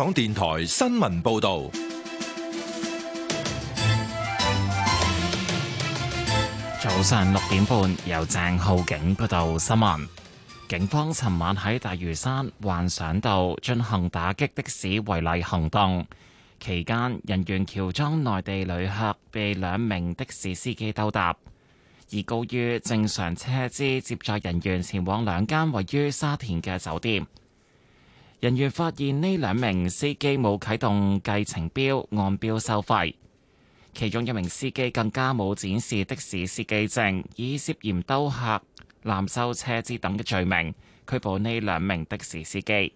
港電台新聞報道，早上六點半由鄭浩景報道新聞。警方尋晚喺大嶼山幻想道進行打擊的士違例行動，期間人員喬裝內地旅客被兩名的士司機兜搭，而高於正常車資接載人員前往兩間位於沙田嘅酒店。人員發現呢兩名司機冇啟動計程表按表收費，其中一名司機更加冇展示的士司機證，以涉嫌兜客、濫收車資等嘅罪名拘捕呢兩名的士司機。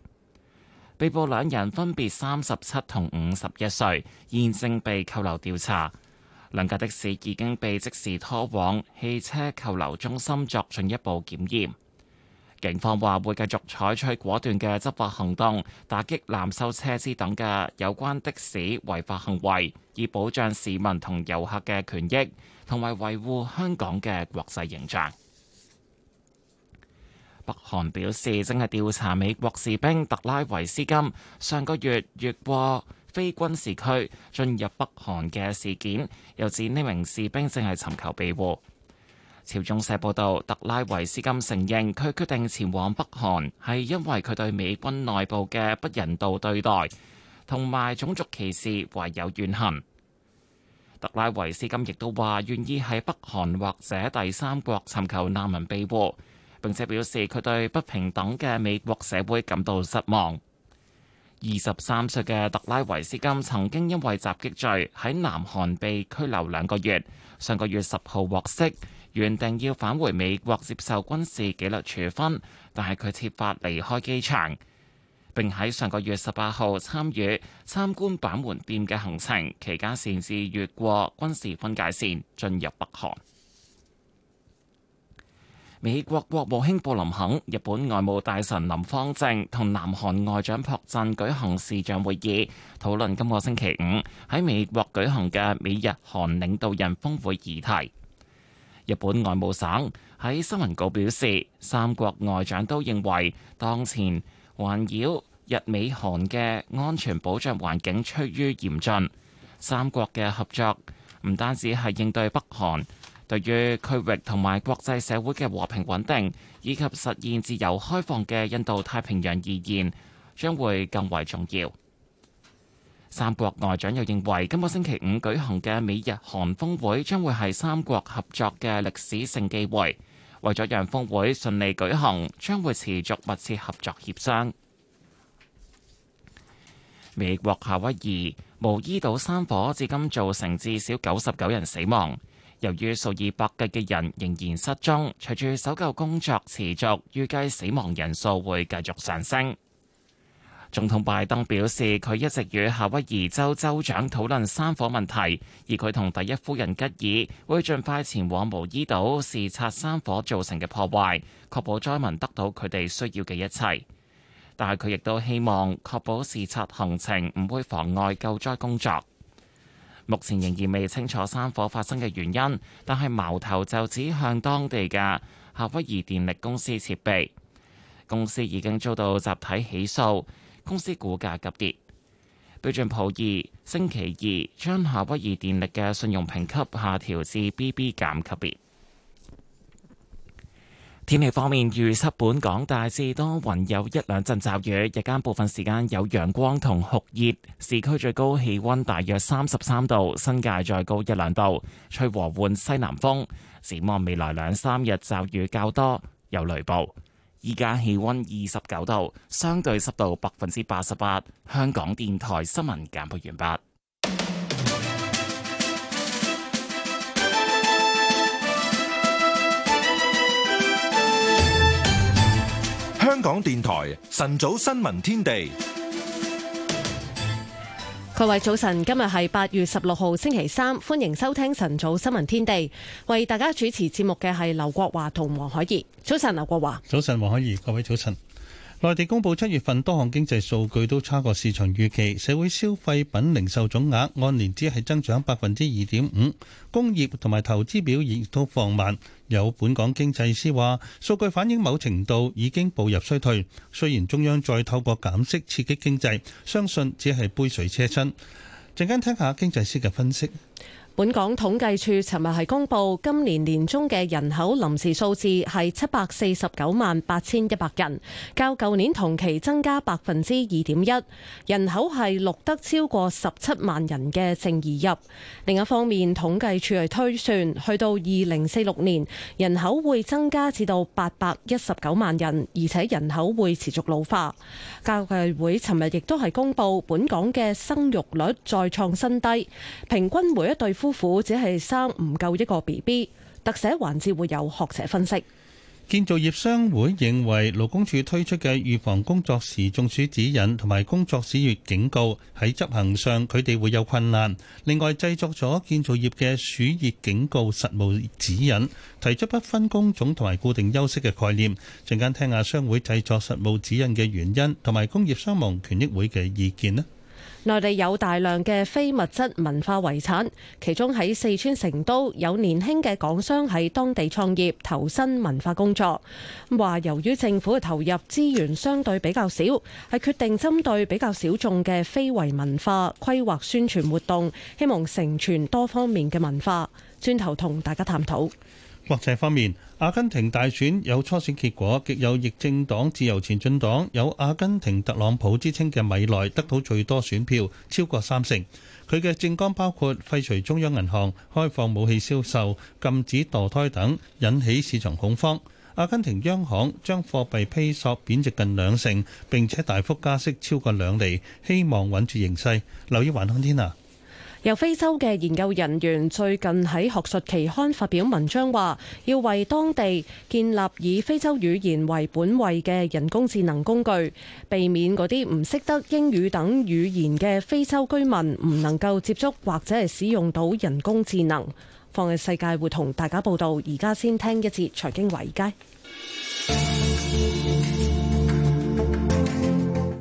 被捕兩人分別三十七同五十一歲，現正被扣留調查。兩架的士已經被即時拖往汽車扣留中心作進一步檢驗。警方話會繼續採取果斷嘅執法行動，打擊濫收車資等嘅有關的士違法行為，以保障市民同遊客嘅權益，同埋維護香港嘅國際形象。北韓表示正係調查美國士兵特拉維斯金上個月越過非軍事區進入北韓嘅事件，又指呢名士兵正係尋求庇護。朝中社報道，特拉維斯金承認，佢決定前往北韓係因為佢對美軍內部嘅不人道對待同埋種族歧視懷有怨恨。特拉維斯金亦都話願意喺北韓或者第三國尋求難民庇護，並且表示佢對不平等嘅美國社會感到失望。二十三歲嘅特拉維斯金曾經因為襲擊罪喺南韓被拘留兩個月，上個月十號獲釋。原定要返回美國接受軍事紀律處分，但係佢設法離開機場，並喺上個月十八號參與參觀板門店嘅行程。期間擅自越過軍事分界線進入北韓。美國國務卿布林肯、日本外務大臣林芳正同南韓外長朴振舉行視像會議，討論今個星期五喺美國舉行嘅美日韓領導人峰會議題。日本外務省喺新聞稿表示，三國外長都認為，當前環繞日美韓嘅安全保障環境趨於嚴峻，三國嘅合作唔單止係應對北韓，對於區域同埋國際社會嘅和平穩定以及實現自由開放嘅印度太平洋而言，將會更為重要。三國外長又認為，今個星期五舉行嘅美日韓峯會將會係三國合作嘅歷史性機會。為咗讓峯會順利舉行，將會持續密切合作協商。美國夏威夷毛伊島山火至今造成至少九十九人死亡，由於數以百計嘅人仍然失蹤，隨住搜救工作持續，預計死亡人數會繼續上升。總統拜登表示，佢一直與夏威夷州州長討論山火問題，而佢同第一夫人吉爾會盡快前往毛伊島視察山火造成嘅破壞，確保災民得到佢哋需要嘅一切。但係佢亦都希望確保視察行程唔會妨礙救災工作。目前仍然未清楚山火發生嘅原因，但係矛頭就指向當地嘅夏威夷電力公司設備。公司已經遭到集體起訴。公司股價急跌。標準普爾星期二將夏威夷電力嘅信用評級下調至 BB 減級別。天氣方面，預測本港大致多雲，有一兩陣驟雨。日間部分時間有陽光同酷熱。市區最高氣溫大約三十三度，新界再高一兩度。吹和緩西南風。展望未來兩三日，驟雨較多，有雷暴。依家氣溫二十九度，相對濕度百分之八十八。香港電台新聞簡報完畢。香港電台晨早新聞天地。各位早晨，今日係八月十六號星期三，歡迎收聽晨早新聞天地。為大家主持節目嘅係劉國華同黃海怡。早晨，劉國華。早晨，黃海怡。各位早晨。內地公布七月份多項經濟數據都差過市場預期，社會消費品零售總額按年只係增長百分之二點五，工業同埋投資表現亦都放慢。有本港經濟師話：數據反映某程度已經步入衰退，雖然中央再透過減息刺激經濟，相信只係杯水車薪。陣間聽下經濟師嘅分析。本港統計處尋日係公布今年年中嘅人口臨時數字係七百四十九萬八千一百人，較舊年同期增加百分之二點一，人口係錄得超過十七萬人嘅淨移入。另一方面，統計處係推算去到二零四六年，人口會增加至到八百一十九萬人，而且人口會持續老化。教育界會尋日亦都係公布本港嘅生育率再創新低，平均每一對。夫婦只係生唔夠一個 B B，特寫環節會有學者分析。建造業商會認為勞工處推出嘅預防工作時中暑指引同埋工作時熱警告喺執行上佢哋會有困難。另外製作咗建造業嘅暑熱警告實務指引，提出不分工種同埋固定休息嘅概念。陣間聽下商會製作實務指引嘅原因，同埋工業傷亡權益會嘅意見咧。內地有大量嘅非物質文化遺產，其中喺四川成都有年輕嘅港商喺當地創業，投身文化工作。咁話由於政府嘅投入資源相對比較少，係決定針對比較小眾嘅非遺文化規劃宣傳活動，希望承傳多方面嘅文化。轉頭同大家探討，國際方面。阿根廷大選有初選結果，極右翼政黨自由前進黨有阿根廷特朗普之稱嘅米萊得到最多選票，超過三成。佢嘅政綱包括廢除中央銀行、開放武器銷售、禁止墮胎等，引起市場恐慌。阿根廷央行將貨幣披索貶值近兩成，並且大幅加息超過兩厘，希望穩住形勢。留意環康天娜。由非洲嘅研究人員最近喺學術期刊發表文章，話要為當地建立以非洲語言為本位嘅人工智能工具，避免嗰啲唔識得英語等語言嘅非洲居民唔能夠接觸或者係使用到人工智能。放眼世界會同大家報道，而家先聽一節財經華爾街。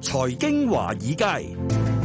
財經華爾街。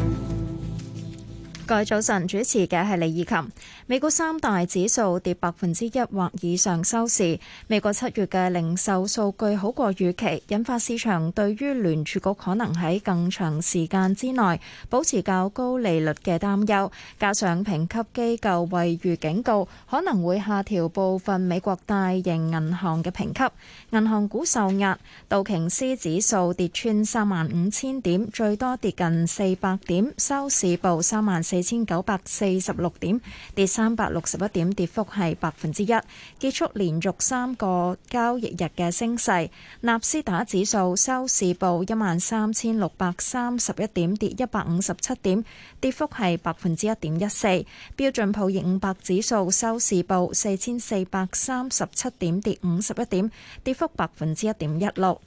各位早晨，主持嘅係李以琴。美股三大指數跌百分之一或以上收市。美國七月嘅零售數據好過預期，引發市場對於聯儲局可能喺更長時間之內保持較高利率嘅擔憂。加上評級機構惠譽警告可能會下調部分美國大型銀行嘅評級，銀行股受壓。道瓊斯指數跌穿三萬五千點，最多跌近四百點，收市報三萬四四千九百四十六點，跌三百六十一點，跌幅係百分之一，結束連續三個交易日嘅升勢。納斯達指數收市報一萬三千六百三十一點，跌一百五十七點，跌幅係百分之一點一四。標準普爾五百指數收市報四千四百三十七點，跌五十一點，跌幅百分之一點一六。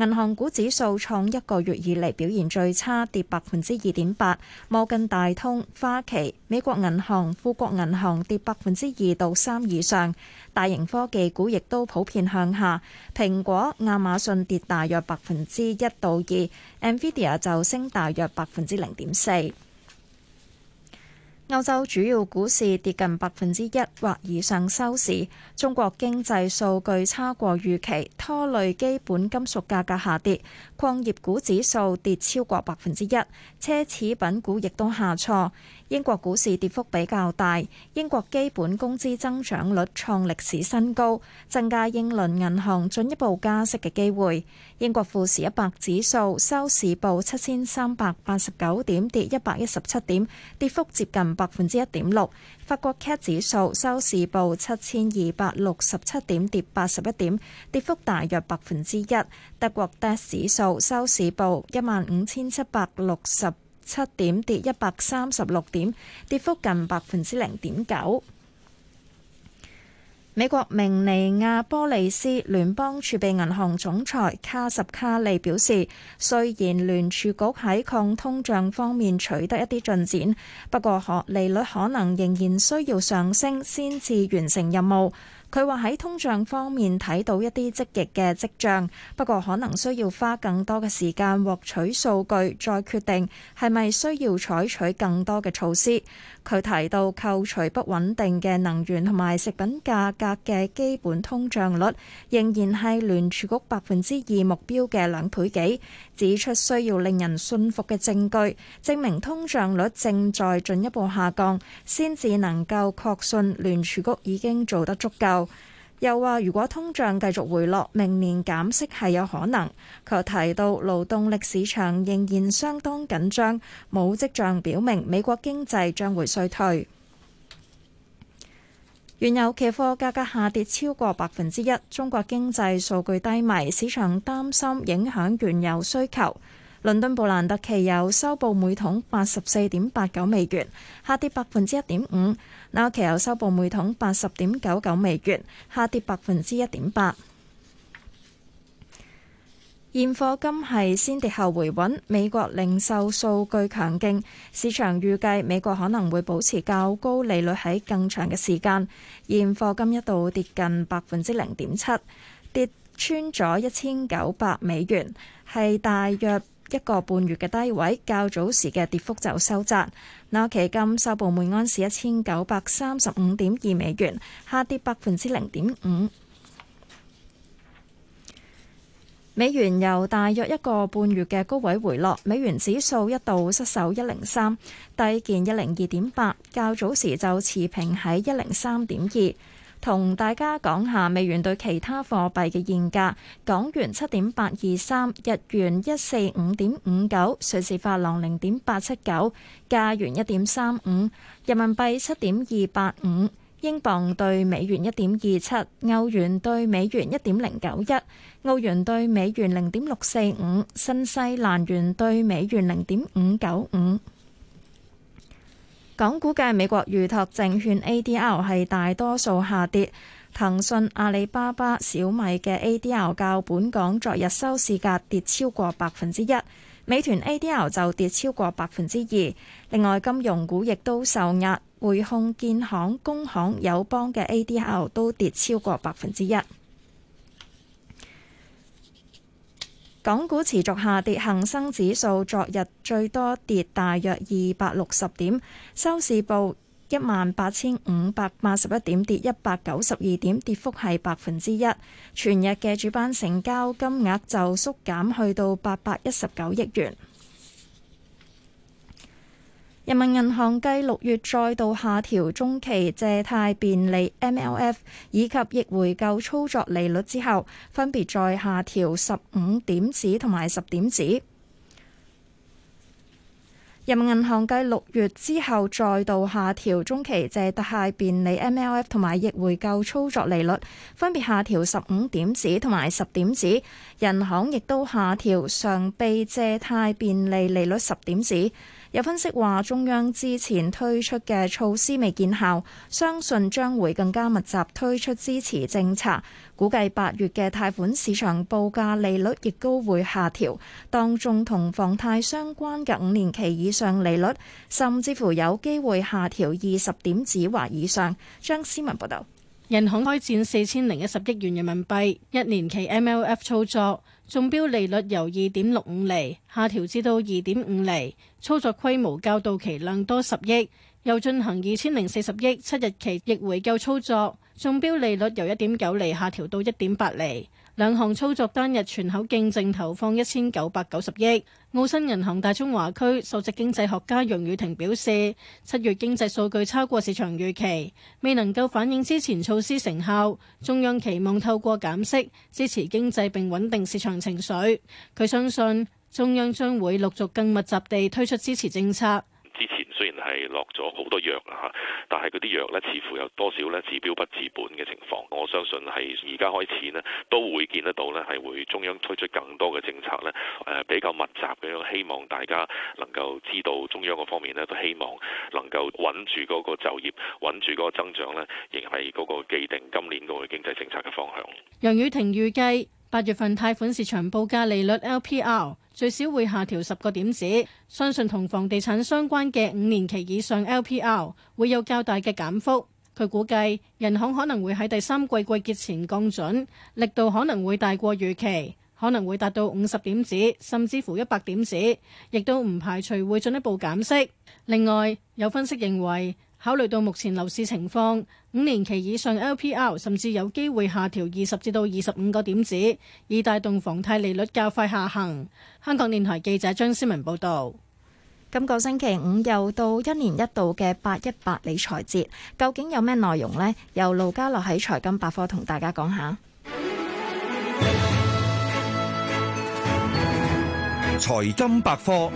銀行股指數創一個月以嚟表現最差，跌百分之二點八。摩根大通、花旗、美國銀行、富國銀行跌百分之二到三以上。大型科技股亦都普遍向下，蘋果、亞馬遜跌大約百分之一到二，NVIDIA 就升大約百分之零點四。歐洲主要股市跌近百分之一或以上收市，中國經濟數據差過預期，拖累基本金屬價格下跌。礦業股指數跌超過百分之一，奢侈品股亦都下挫。英國股市跌幅比較大，英國基本工資增長率創歷史新高，增加英倫銀行進一步加息嘅機會。英國富時一百指數收市報七千三百八十九點，跌一百一十七點，跌幅接近百分之一點六。法國 CAC 指數收市報七千二百六十七點，跌八十一點，跌幅大約百分之一。德國 DAX 指數收市報一萬五千七百六十七點，跌一百三十六點，跌幅近百分之零點九。美國明尼亞波利斯聯邦儲備銀行總裁卡什卡利表示，雖然聯儲局喺抗通脹方面取得一啲進展，不過可利率可能仍然需要上升先至完成任務。佢話喺通脹方面睇到一啲積極嘅跡象，不過可能需要花更多嘅時間獲取數據，再決定係咪需要採取更多嘅措施。佢提到扣除不穩定嘅能源同埋食品價格嘅基本通脹率，仍然係聯儲局百分之二目標嘅兩倍幾，指出需要令人信服嘅證據證明通脹率正在進一步下降，先至能夠確信聯儲局已經做得足夠。又話，如果通脹繼續回落，明年減息係有可能。佢提到勞動力市場仍然相當緊張，冇跡象表明美國經濟將會衰退。原油期貨價格下跌超過百分之一，中國經濟數據低迷，市場擔心影響原油需求。倫敦布蘭特期油收報每桶八十四點八九美元，下跌百分之一點五。那期油收報每桶八十點九九美元，下跌百分之一點八。現貨金係先跌後回穩。美國零售數據強勁，市場預計美國可能會保持較高利率喺更長嘅時間。現貨金一度跌近百分之零點七，跌穿咗一千九百美元，係大約一個半月嘅低位，較早時嘅跌幅就收窄。紐期金收報每安士一千九百三十五點二美元，下跌百分之零點五。美元由大約一個半月嘅高位回落，美元指數一度失守一零三，低見一零二點八，較早時就持平喺一零三點二。同大家講下美元對其他貨幣嘅現價：港元七點八二三，日元一四五點五九，瑞士法郎零點八七九，加元一點三五，人民幣七點二八五，英鎊對美元一點二七，歐元對美元一點零九一，澳元對美元零點六四五，新西蘭元對美元零點五九五。港股嘅美國預託證券 A D L 係大多數下跌，騰訊、阿里巴巴、小米嘅 A D L 較本港昨日收市價跌超過百分之一，美團 A D L 就跌超過百分之二。另外，金融股亦都受壓，匯控、建行、工行、友邦嘅 A D L 都跌超過百分之一。港股持續下跌，恒生指數昨日最多跌大約二百六十點，收市報一萬八千五百八十一點跌，跌一百九十二點，跌幅係百分之一。全日嘅主板成交金額就縮減去到八百一十九億元。人民銀行繼六月再度下調中期借貸便利 MLF 以及逆回購操作利率之後，分別再下調十五點子同埋十點子。人民銀行繼六月之後再度下調中期借貸便利 MLF 同埋逆回購操作利率，分別下調十五點子同埋十點子。人行亦都下調常備借貸便利利率十點子。有分析話，中央之前推出嘅措施未見效，相信將會更加密集推出支持政策。估計八月嘅貸款市場報價利率亦都會下調，當中同房貸相關嘅五年期以上利率，甚至乎有機會下調二十點子或以上。張思文報道，人行開展四千零一十億元人民幣一年期 MLF 操作。中標利率由二點六五厘下調至到二點五厘，操作規模較到期量多十億，又進行二千零四十億七日期逆回購操作，中標利率由一點九厘下調到一點八厘。兩項操作單日全口徑淨投放一千九百九十億。澳新銀行大中華區首席經濟學家楊宇霆表示，七月經濟數據超過市場預期，未能夠反映之前措施成效。中央期望透過減息支持經濟並穩定市場情緒。佢相信中央將會陸續更密集地推出支持政策。係落咗好多藥啦，但係嗰啲藥呢，似乎有多少呢？治標不治本嘅情況。我相信係而家開始呢，都會見得到呢，係會中央推出更多嘅政策呢，誒、呃、比較密集嘅，希望大家能夠知道中央嗰方面呢，都希望能夠穩住嗰個就業，穩住嗰個增長呢，仍係嗰個既定今年嗰個經濟政策嘅方向。楊雨婷預計。八月份貸款市場報價利率 LPR 最少會下調十個點子，相信同房地產相關嘅五年期以上 LPR 會有較大嘅減幅。佢估計人行可能會喺第三季季結前降準，力度可能會大過預期，可能會達到五十點子，甚至乎一百點子，亦都唔排除會進一步減息。另外，有分析認為。考慮到目前樓市情況，五年期以上 LPR 甚至有機會下調二十至到二十五個點子，以帶動房貸利率較快下行。香港電台記者張思文報道。今個星期五又到一年一度嘅八一八理財節，究竟有咩內容呢？由盧家樂喺財金百科同大家講下。財金百科。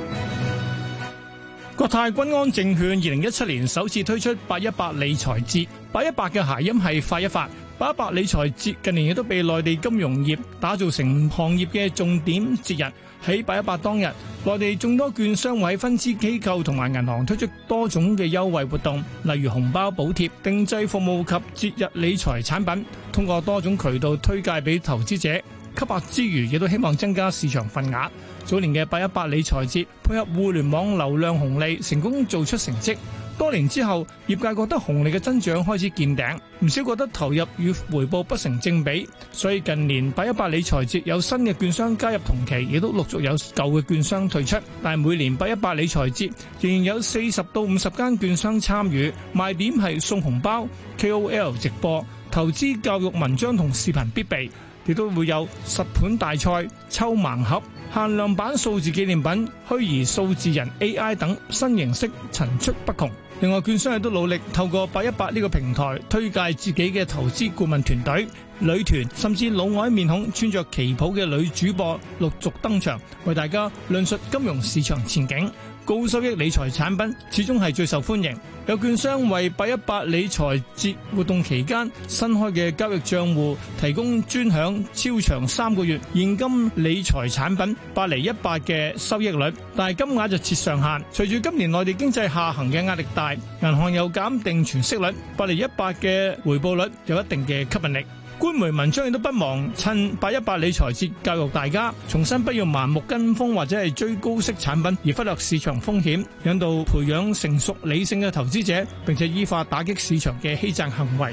國泰君安證券二零一七年首次推出八一八理財節，八一八嘅諧音係快一發，八一八理財節近年亦都被內地金融業打造成行業嘅重點節日。喺八一八當日，內地眾多券商、委分支機構同埋銀行推出多種嘅優惠活動，例如紅包補貼、定製服務及節日理財產品，通過多種渠道推介俾投資者。吸引之餘，亦都希望增加市場份額。早年嘅八一八理財節配合互聯網流量紅利，成功做出成績。多年之後，業界覺得紅利嘅增長開始見頂，唔少覺得投入與回報不成正比，所以近年八一八理財節有新嘅券商加入同期，亦都陸續有舊嘅券商退出。但係每年八一八理財節仍然有四十到五十間券商參與，賣點係送紅包、KOL 直播、投資教育文章同視頻必備，亦都會有實盤大賽、抽盲盒。限量版數字紀念品、虛擬數字人、AI 等新形式層出不窮。另外，券商亦都努力透過八一八呢個平台推介自己嘅投資顧問團隊、女團，甚至老外面孔穿着旗袍嘅女主播陸續登場，為大家論述金融市場前景。高收益理財產品始終係最受歡迎。有券商為八一八理財節活動期間新開嘅交易賬戶提供專享超長三個月現金理財產品八厘一八嘅收益率，但係金額就設上限。隨住今年內地經濟下行嘅壓力大，銀行有減定存息率八厘一八嘅回報率有一定嘅吸引力。官媒文章亦都不忘趁八一八理財節教育大家，重新不要盲目跟風或者係追高息產品，而忽略市場風險，引導培養成熟理性嘅投資者，並且依法打擊市場嘅欺詐行為。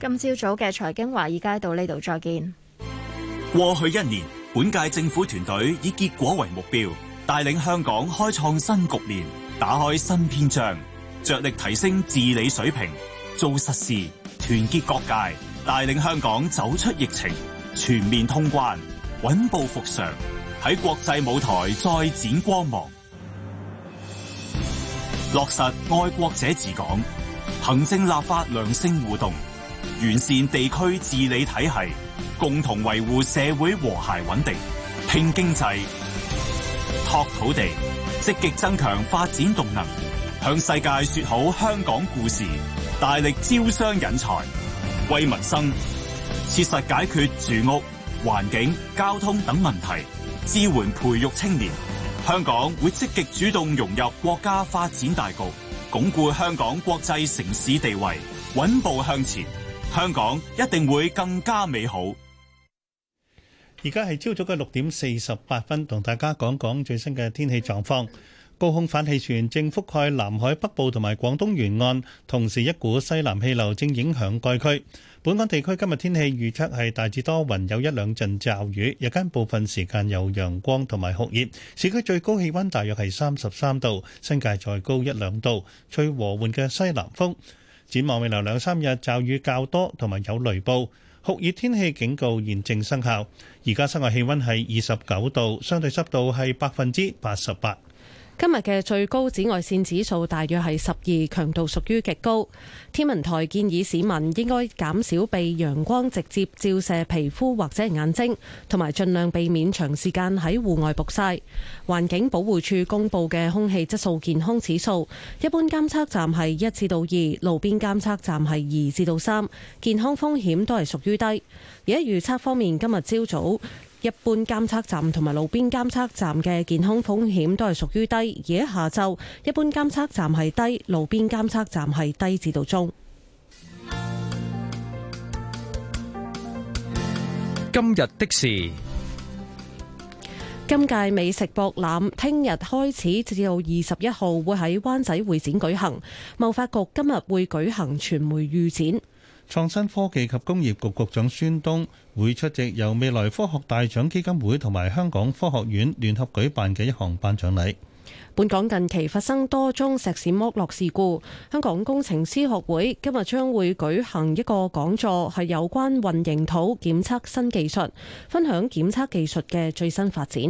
今朝早嘅財經華爾街到呢度再見。過去一年，本屆政府團隊以結果為目標，帶領香港開創新局面，打開新篇章，着力提升治理水平，做實事。團結各界，帶領香港走出疫情，全面通關，穩步復常，喺國際舞台再展光芒。落實愛國者治港，行政立法良性互動，完善地區治理體系，共同維護社會和諧穩定，拼經濟，拓土地，積極增強發展動能，向世界說好香港故事。大力招商引才，為民生，切實解決住屋、環境、交通等問題，支援培育青年。香港會積極主動融入國家發展大局，鞏固香港國際城市地位，穩步向前。香港一定會更加美好。而家係朝早嘅六點四十八分，同大家講講最新嘅天氣狀況。高空反氣旋正覆蓋南海北部同埋廣東沿岸，同時一股西南氣流正影響該區。本港地區今日天氣預測係大致多雲，有一兩陣驟雨，日間部分時間有陽光同埋酷熱。市區最高氣溫大約係三十三度，新界再高一兩度。吹和緩嘅西南風，展望未來兩三日驟雨較多，同埋有雷暴。酷熱天氣警告現正生效。而家室外氣溫係二十九度，相對濕度係百分之八十八。今日嘅最高紫外線指數大約係十二，強度屬於極高。天文台建議市民應該減少被陽光直接照射皮膚或者眼睛，同埋盡量避免長時間喺戶外曝晒。環境保護署公布嘅空氣質素健康指數，一般監測站係一至到二，路邊監測站係二至到三，健康風險都係屬於低。而喺預測方面，今日朝早。一般監測站同埋路邊監測站嘅健康風險都係屬於低，而喺下晝一般監測站係低，路邊監測站係低至到中。今日的事，今屆美食博覽聽日開始至到二十一號會喺灣仔會展舉行，貿發局今日會舉行傳媒預展。創新科技及工業局局長孫東會出席由未來科學大獎基金會同埋香港科學院聯合舉辦嘅一項頒獎禮。本港近期發生多宗石屎剝落事故，香港工程師學會今日將會舉行一個講座，係有關混凝土檢測新技術，分享檢測技術嘅最新發展。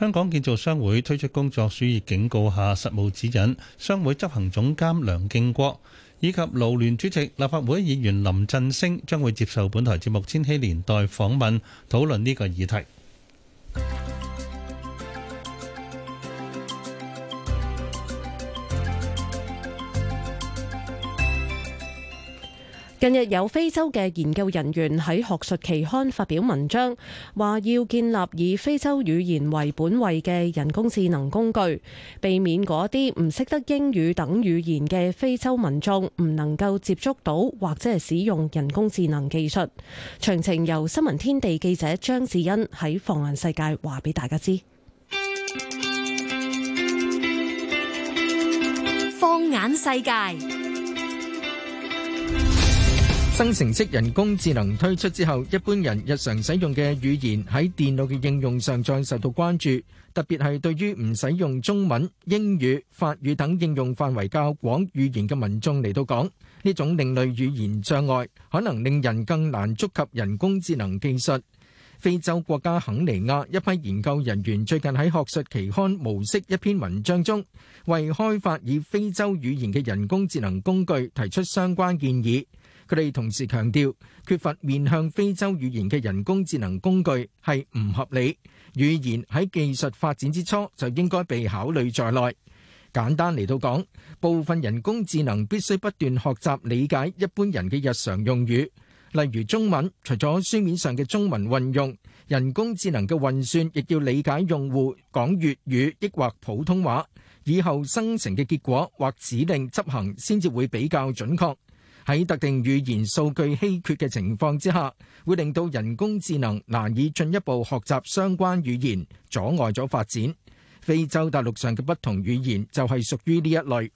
香港建造商會推出工作暑熱警告下實務指引，商會執行總監梁敬國以及勞聯主席、立法會議員林振升將會接受本台節目《千禧年代》訪問，討論呢個議題。近日有非洲嘅研究人員喺學術期刊發表文章，話要建立以非洲語言為本位嘅人工智能工具，避免嗰啲唔識得英語等語言嘅非洲民眾唔能夠接觸到或者係使用人工智能技術。詳情由新聞天地記者張子欣喺放眼世界話俾大家知。放眼世界。生成式人工智能推出之後，一般人日常使用嘅語言喺電腦嘅應用上再受到關注。特別係對於唔使用中文、英語、法語等應用範圍較廣語言嘅民眾嚟到講，呢種另類語言障礙可能令人更難觸及人工智能技術。非洲國家肯尼亞一批研究人員最近喺學術期刊《模式》一篇文章中，為開發以非洲語言嘅人工智能工具提出相關建議。佢哋同時強調，缺乏面向非洲語言嘅人工智能工具係唔合理。語言喺技術發展之初就應該被考慮在內。簡單嚟到講，部分人工智能必須不斷學習理解一般人嘅日常用語，例如中文。除咗書面上嘅中文運用，人工智能嘅運算亦要理解用戶講粵語，抑或普通話。以後生成嘅結果或指令執行先至會比較準確。喺特定語言數據稀缺嘅情況之下，會令到人工智能難以進一步學習相關語言，阻礙咗發展。非洲大陸上嘅不同語言就係屬於呢一類。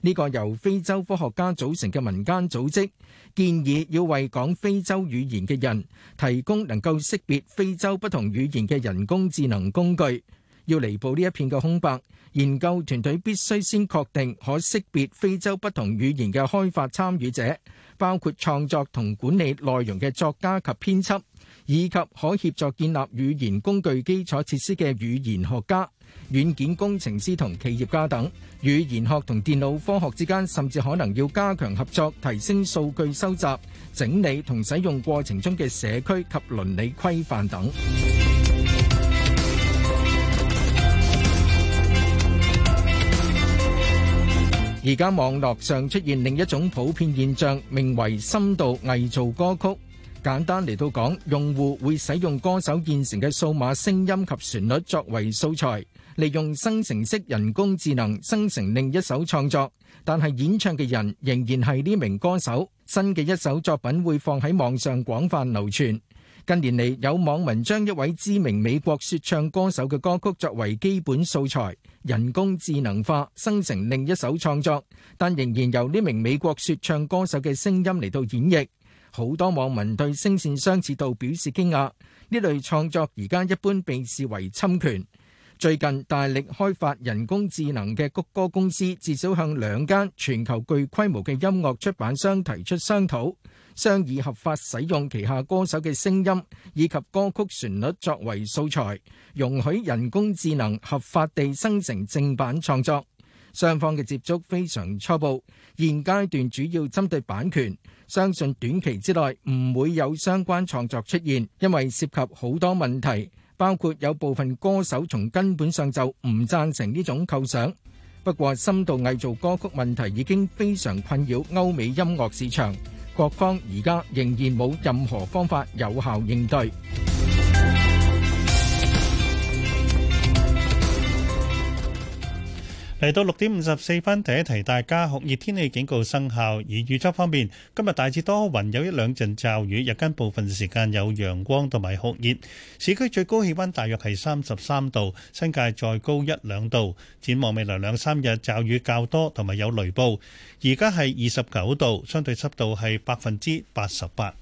呢個由非洲科學家組成嘅民間組織建議，要為講非洲語言嘅人提供能夠識別非洲不同語言嘅人工智能工具，要彌補呢一片嘅空白。研究團隊必須先確定可識別非洲不同語言嘅開發參與者，包括創作同管理內容嘅作家及編輯，以及可協助建立語言工具基礎設施嘅語言學家、軟件工程師同企業家等。語言學同電腦科學之間，甚至可能要加強合作，提升數據收集、整理同使用過程中嘅社區及倫理規範等。而家網絡上出現另一種普遍現象，名為深度偽造歌曲。簡單嚟到講，用戶會使用歌手現成嘅數碼聲音及旋律作為素材，利用生成式人工智能生成另一首創作，但係演唱嘅人仍然係呢名歌手。新嘅一首作品會放喺網上廣泛流傳。近年嚟有網民將一位知名美國説唱歌手嘅歌曲作為基本素材，人工智能化生成另一首創作，但仍然由呢名美國説唱歌手嘅聲音嚟到演繹。好多網民對聲線相似度表示驚訝。呢類創作而家一般被視為侵權。最近大力開發人工智能嘅谷歌公司，至少向兩間全球具規模嘅音樂出版商提出商討。商議合法使用旗下歌手嘅聲音以及歌曲旋律作為素材，容許人工智能合法地生成正版創作。雙方嘅接觸非常初步，現階段主要針對版權。相信短期之內唔會有相關創作出現，因為涉及好多問題，包括有部分歌手從根本上就唔贊成呢種構想。不過，深度偽造歌曲問題已經非常困擾歐美音樂市場。各方而家仍然冇任何方法有效應對。嚟到六點五十四分，提一提大家，酷熱天氣警告生效。而預測方面，今日大致多雲，有一兩陣驟雨，日間部分時間有陽光同埋酷熱。市區最高氣溫大約係三十三度，新界再高一兩度。展望未來兩三日，驟雨較多，同埋有雷暴。而家係二十九度，相對濕度係百分之八十八。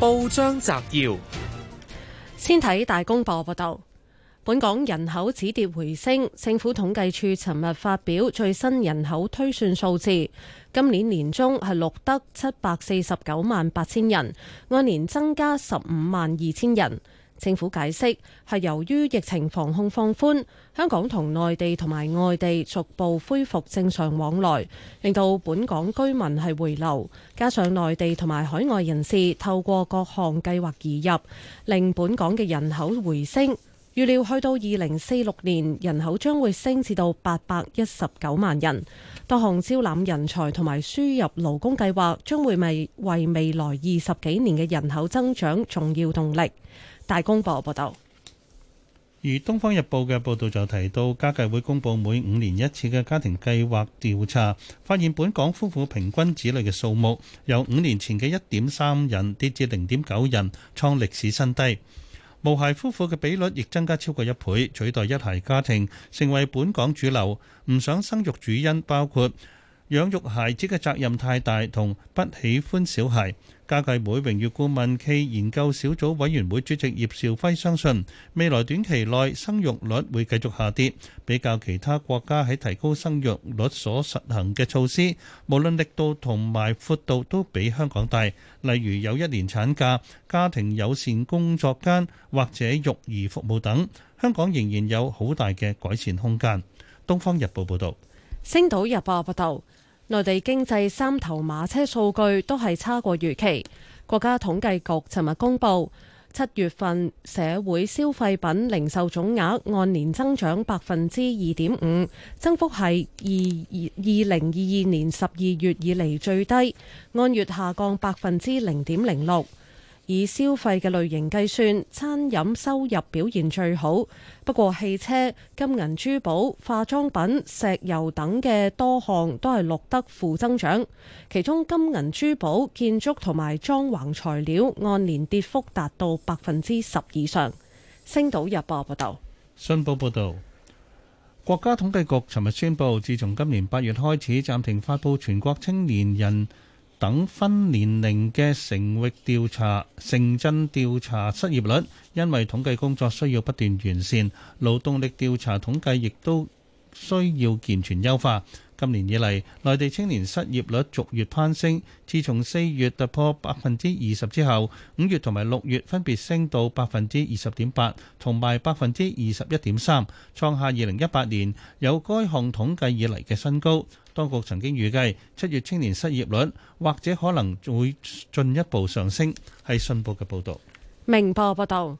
報章摘要。先睇《大公報報道》，本港人口止跌回升。政府統計處尋日發表最新人口推算數字，今年年中係錄得七百四十九萬八千人，按年增加十五萬二千人。政府解釋係由於疫情防控放寬，香港同內地同埋外地逐步恢復正常往來，令到本港居民係回流，加上內地同埋海外人士透過各項計劃移入，令本港嘅人口回升。預料去到二零四六年，人口將會升至到八百一十九萬人。多項招攬人才同埋輸入勞工計劃將會為為未來二十幾年嘅人口增長重要動力。大公報報道，而《東方日報》嘅報道就提到，家計會公布每五年一次嘅家庭計劃調查，發現本港夫婦平均子女嘅數目由五年前嘅一點三人跌至零點九人，創歷史新低。無孩夫婦嘅比率亦增加超過一倍，取代一孩家庭成為本港主流。唔想生育主因包括養育孩子嘅責任太大同不喜歡小孩。家計會榮譽顧問暨研究小組委員會主席葉兆輝相信，未來短期內生育率會繼續下跌。比較其他國家喺提高生育率所實行嘅措施，無論力度同埋闊度都比香港大。例如有一年產假、家庭友善工作間或者育兒服務等，香港仍然有好大嘅改善空間。《東方日報》報道，《星島日報》報道。內地經濟三頭馬車數據都係差過預期。國家統計局尋日公布，七月份社會消費品零售總額按年增長百分之二點五，增幅係二零二二年十二月以嚟最低，按月下降百分之零點零六。以消費嘅類型計算，餐飲收入表現最好。不過，汽車、金銀珠寶、化妝品、石油等嘅多項都係錄得負增長。其中，金銀珠寶、建築同埋裝潢材料按年跌幅達到百分之十以上。星島日報報道：信報報導，國家統計局尋日宣布，自從今年八月開始暫停發佈全國青年人。等分年齡嘅城域調查、城鎮調查失業率，因為統計工作需要不斷完善，勞動力調查統計亦都需要健全優化。今年以嚟，內地青年失業率逐月攀升。自從四月突破百分之二十之後，五月同埋六月分別升到百分之二十點八同埋百分之二十一點三，創下二零一八年有該項統計以嚟嘅新高。當局曾經預計七月青年失業率或者可能會進一步上升。係信報嘅報導，明報報道。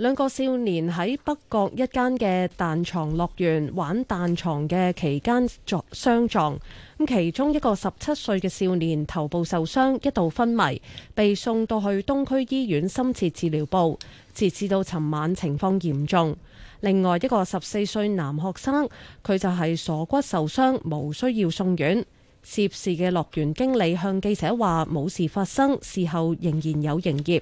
兩個少年喺北角一間嘅彈床樂園玩彈床嘅期間撞相撞，咁其中一個十七歲嘅少年頭部受傷，一度昏迷，被送到去東區醫院深切治療部，直至到尋晚情況嚴重。另外一個十四歲男學生，佢就係鎖骨受傷，冇需要送院。涉事嘅樂園經理向記者話：冇事發生，事後仍然有營業。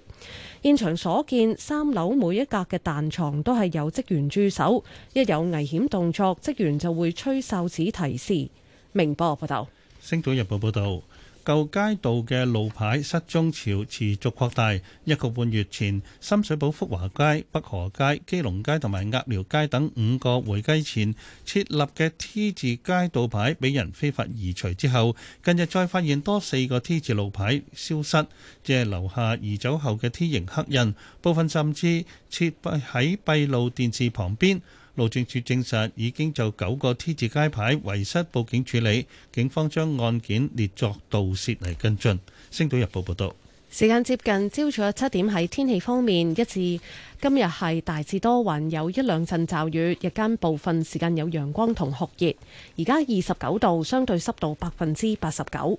現場所見，三樓每一格嘅彈床都係有職員駐守，一有危險動作，職員就會吹哨子提示。明報報道，《星島日報》報道。舊街道嘅路牌失蹤潮持續擴大，一個半月前，深水埗福華街、北河街、基隆街同埋鴨寮街等五個回歸前設立嘅 T 字街道牌俾人非法移除之後，近日再發現多四個 T 字路牌消失，只係留下移走後嘅 T 型黑印，部分甚至設喺閉路電視旁邊。路政署證實已經就九個 T 字街牌遺失報警處理，警方將案件列作盜竊嚟跟進。星島日報報道，時間接近朝早七點。喺天氣方面，一至今日係大致多雲，有一兩陣驟雨，日間部分時間有陽光同酷熱。而家二十九度，相對濕度百分之八十九。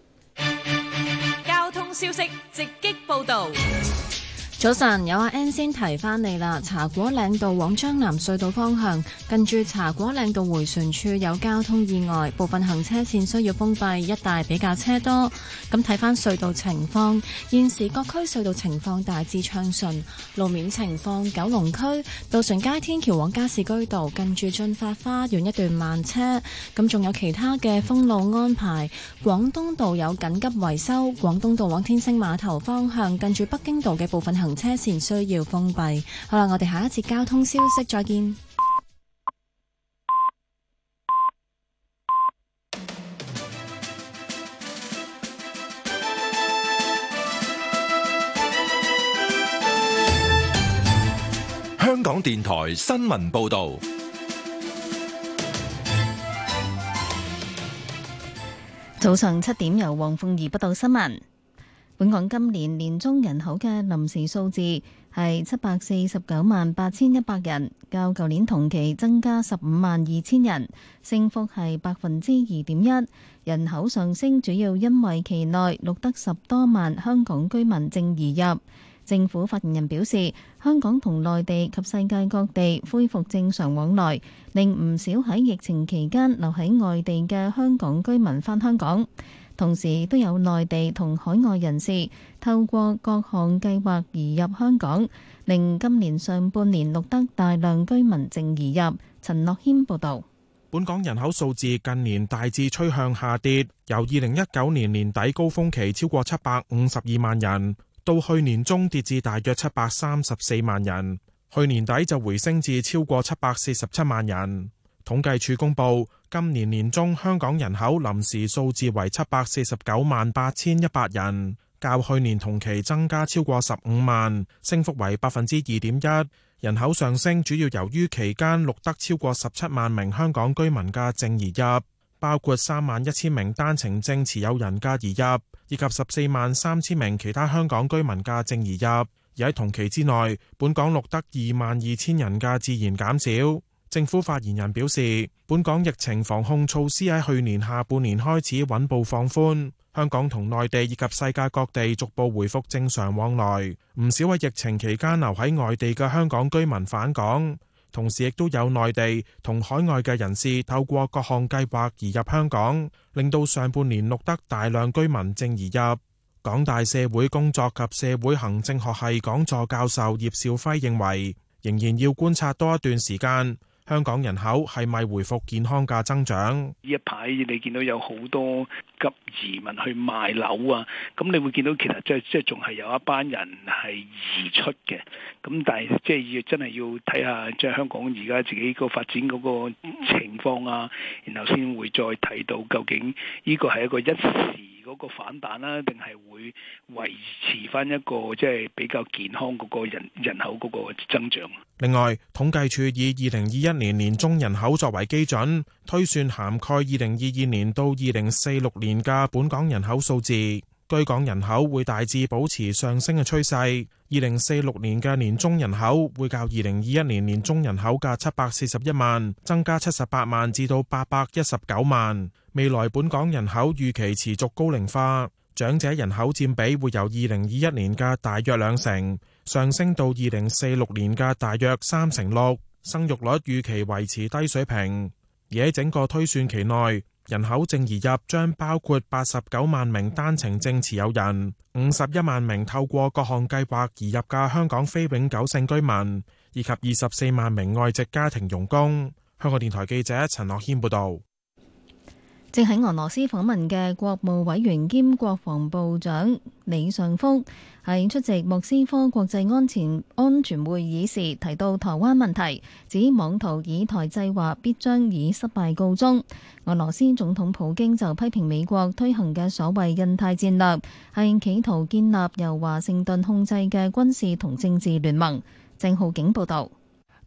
交通消息直擊報道。早晨，有阿 N 先提翻你啦。茶果嶺道往將藍隧道方向，近住茶果嶺道回旋處有交通意外，部分行車線需要封閉，一帶比較車多。咁睇翻，隧道情況，現時各區隧道情況大致暢順。路面情況，九龍區渡船街天橋往加士居道近住駿發花園一段慢車。咁仲有其他嘅封路安排，廣東道有緊急維修，廣東道往天星碼頭方向近住北京道嘅部分行。行車線需要封閉。好啦，我哋下一次交通消息再見。香港電台新聞報道。早上七點，由黃鳳儀報道新聞。本港今年年中人口嘅臨時數字係七百四十九萬八千一百人，較舊年同期增加十五萬二千人，升幅係百分之二點一。人口上升主要因為期內錄得十多萬香港居民正移入。政府發言人表示，香港同內地及世界各地恢復正常往來，令唔少喺疫情期間留喺外地嘅香港居民返香港。同時都有內地同海外人士透過各項計劃移入香港，令今年上半年錄得大量居民淨移入。陳樂軒報導，本港人口數字近年大致趨向下跌，由二零一九年年底高峰期超過七百五十二萬人，到去年中跌至大約七百三十四萬人，去年底就回升至超過七百四十七萬人。統計處公布，今年年中香港人口臨時數字為七百四十九萬八千一百人，較去年同期增加超過十五萬，升幅為百分之二點一。人口上升主要由於期間錄得超過十七萬名香港居民嘅淨移入，包括三萬一千名單程證持有人嘅移入，以及十四萬三千名其他香港居民嘅淨移入。而喺同期之內，本港錄得二萬二千人嘅自然減少。政府發言人表示，本港疫情防控措施喺去年下半年開始穩步放寬，香港同內地以及世界各地逐步回復正常往來。唔少喺疫情期間留喺外地嘅香港居民返港，同時亦都有內地同海外嘅人士透過各項計劃移入香港，令到上半年錄得大量居民正移入。港大社會工作及社會行政學系講座教授葉兆輝認為，仍然要觀察多一段時間。香港人口係咪回復健康嘅增長？呢一排你見到有好多急移民去賣樓啊，咁你會見到其實即係即係仲係有一班人係移出嘅。咁但係即係要真係要睇下即係香港而家自己個發展嗰個情況啊，然後先會再提到究竟呢個係一個一時，嗰個反彈啦，定係會維持翻一個即係比較健康嗰個人人口嗰個增長。另外，統計處以二零二一年年中人口作為基準，推算涵蓋二零二二年到二零四六年嘅本港人口數字。居港人口會大致保持上升嘅趨勢。二零四六年嘅年中人口會較二零二一年年中人口嘅七百四十一萬增加七十八萬，至到八百一十九萬。未來本港人口預期持續高齡化，長者人口占比會由二零二一年嘅大約兩成上升到二零四六年嘅大約三成六。生育率預期維持低水平，而喺整個推算期內，人口淨移入將包括八十九萬名單程證持有人、五十一萬名透過各項計劃移入嘅香港非永久性居民，以及二十四萬名外籍家庭傭工。香港電台記者陳樂謙報道。正喺俄羅斯訪問嘅國務委員兼國防部長李尚福喺出席莫斯科國際安全安全會議時提到台灣問題，指妄圖以台制華，必將以失敗告終。俄羅斯總統普京就批評美國推行嘅所謂印太戰略係企圖建立由華盛頓控制嘅軍事同政治聯盟。鄭浩景報道。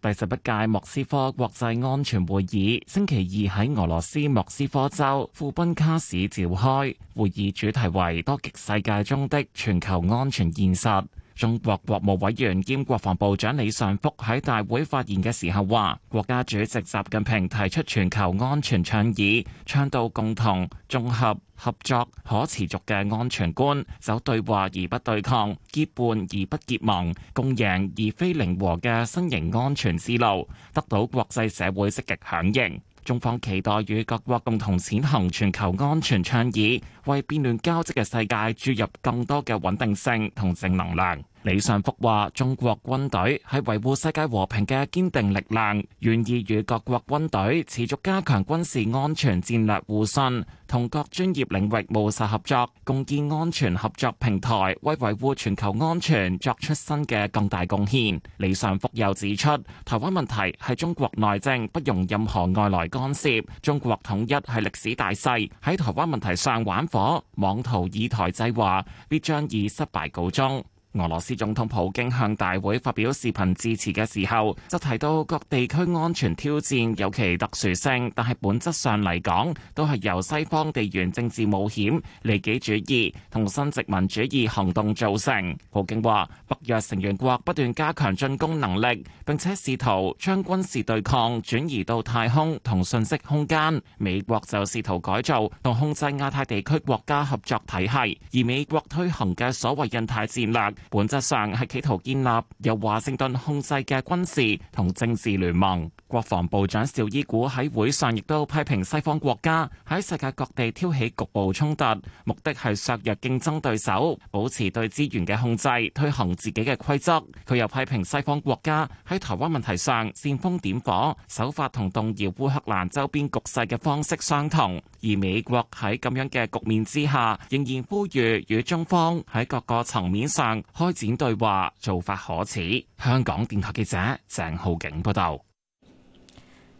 第十一屆莫斯科國際安全會議星期二喺俄羅斯莫斯科州庫賓卡市召開，會議主題為多極世界中的全球安全現實。中國國務委員兼國防部長李尚福喺大會發言嘅時候話，國家主席習近平提出全球安全倡議，倡導共同、綜合、合作、可持續嘅安全觀，走對話而不對抗、結伴而不結盟、共贏而非零和嘅新型安全思路，得到國際社會積極響應。中方期待與各國共同踐行全球安全倡議，為變亂交織嘅世界注入更多嘅穩定性同正能量。李尚福話，中國軍隊係維護世界和平嘅堅定力量，願意與各國軍隊持續加強軍事安全戰略互信，同各專業領域務實合作，共建安全合作平台，為維護全球安全作出新嘅更大貢獻。李尚福又指出，台灣問題係中國內政，不容任何外來干涉。中國統一係歷史大勢，喺台灣問題上玩火、妄圖以台制華，必將以失敗告終。俄羅斯總統普京向大會發表視頻致辭嘅時候，就提到各地區安全挑戰有其特殊性，但係本質上嚟講都係由西方地緣政治冒險、利己主義同新殖民主義行動造成。普京話：北約成員國不斷加強進攻能力，並且試圖將軍事對抗轉移到太空同信息空間。美國就試圖改造同控制亞太地區國家合作體系，而美國推行嘅所謂印太戰略，本質上係企圖建立由華盛頓控制嘅軍事同政治聯盟。國防部長邵伊古喺會上亦都批評西方國家喺世界各地挑起局部衝突，目的係削弱競爭對手，保持對資源嘅控制，推行自己嘅規則。佢又批評西方國家喺台灣問題上煽風點火，手法同動搖烏克蘭周邊局勢嘅方式相同。而美國喺咁樣嘅局面之下，仍然呼籲與中方喺各個層面上開展對話做法可恥。香港電台記者鄭浩景報道。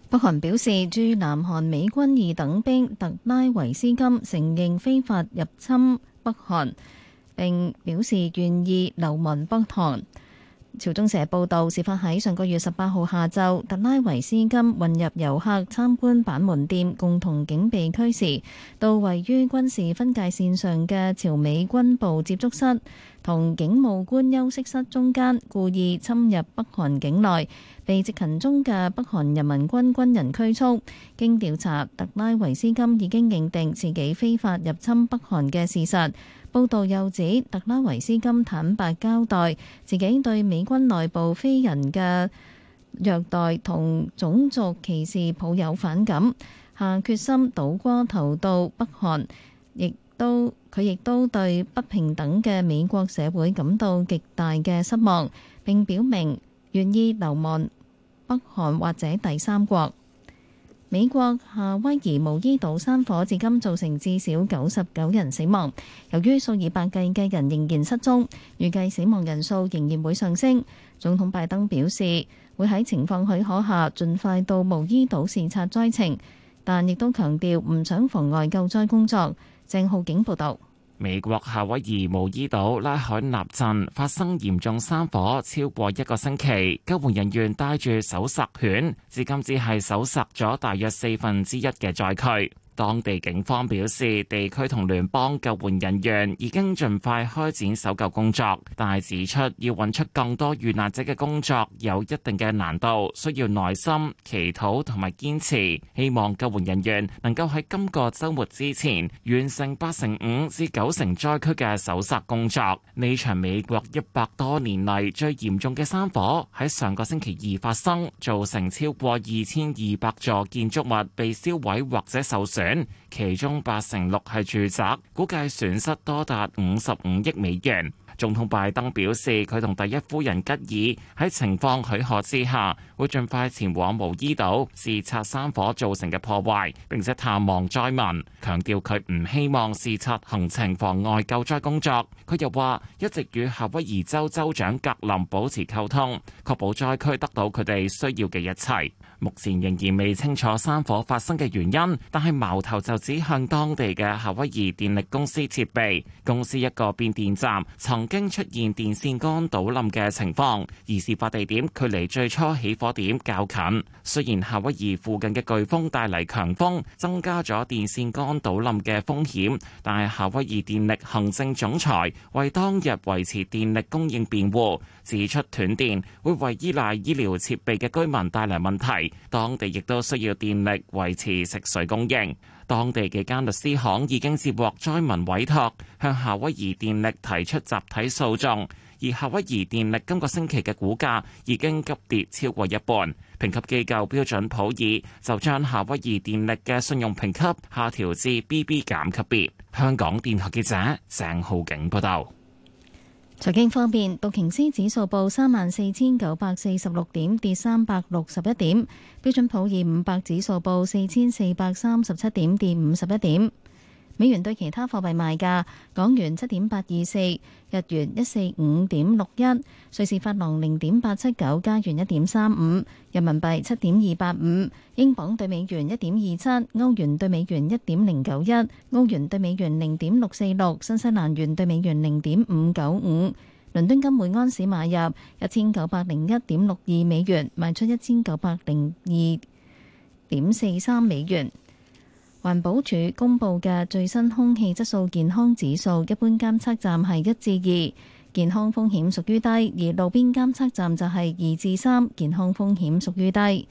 北韓表示，駐南韓美軍二等兵特拉維斯金承認非法入侵北韓，並表示願意流亡北韓。朝中社報導，事發喺上個月十八號下晝，特拉維斯金混入遊客參觀板門店共同警備區時，到位於軍事分界線上嘅朝美軍部接觸室同警務官休息室中間，故意侵入北韓境內，被執勤中嘅北韓人民軍軍人拘束。經調查，特拉維斯金已經認定自己非法入侵北韓嘅事實。報道又指，特拉維斯金坦白交代自己對美軍內部非人嘅虐待同種族歧視抱有反感，下決心倒戈投到北韓。亦都佢亦都對不平等嘅美國社會感到極大嘅失望，並表明願意流亡北韓或者第三國。美國夏威夷毛伊島山火至今造成至少九十九人死亡，由於數以百計嘅人仍然失蹤，預計死亡人數仍然會上升。總統拜登表示，會喺情況許可下盡快到毛伊島視察災情，但亦都強調唔想妨礙救災工作。鄭浩景報道。美國夏威夷毛伊島拉海納鎮發生嚴重山火，超過一個星期，救援人員帶住搜尋犬，至今只係搜尋咗大約四分之一嘅災區。當地警方表示，地區同聯邦救援人員已經盡快開展搜救工作，但係指出要揾出更多遇難者嘅工作有一定嘅難度，需要耐心、祈禱同埋堅持。希望救援人員能夠喺今個週末之前完成八成五至九成災區嘅搜索工作。呢場美國一百多年嚟最嚴重嘅山火喺上個星期二發生，造成超過二千二百座建築物被燒毀或者受損。其中八成六係住宅，估計損失多達五十五億美元。總統拜登表示，佢同第一夫人吉爾喺情況許可之下，會盡快前往毛伊島視察山火造成嘅破壞，並且探望災民。強調佢唔希望視察行程妨礙救災工作。佢又話一直與夏威夷州州長格林保持溝通，確保災區得到佢哋需要嘅一切。目前仍然未清楚山火發生嘅原因，但係矛頭就指向當地嘅夏威夷電力公司設備。公司一個變電站曾經出現電線桿倒冧嘅情況，而事發地點距離最初起火點較近。雖然夏威夷附近嘅颶風帶嚟強風，增加咗電線桿倒冧嘅風險，但係夏威夷電力行政總裁為當日維持電力供應辯護，指出斷電會為依賴醫療設備嘅居民帶嚟問題，當地亦都需要電力維持食水供應。當地嘅一間律師行已經接獲災民委託，向夏威夷電力提出集體訴訟。而夏威夷電力今個星期嘅股價已經急跌超過一半，評級機構標準普爾就將夏威夷電力嘅信用評級下調至 BB 減級別。香港電台記者鄭浩景報道。財經方面，道瓊斯指數報三萬四千九百四十六點，跌三百六十一點；標準普爾五百指數報四千四百三十七點，跌五十一點。美元對其他貨幣賣價：港元七點八二四，日元一四五點六一，瑞士法郎零點八七九，加元一點三五，人民幣七點二八五，英鎊對美元一點二七，歐元對美元一點零九一，澳元對美元零點六四六，新西蘭元對美元零點五九五。倫敦金每安士買入一千九百零一點六二美元，賣出一千九百零二點四三美元。環保署公布嘅最新空氣質素健康指數，一般監測站係一至二，健康風險屬於低；而路邊監測站就係二至三，健康風險屬於低。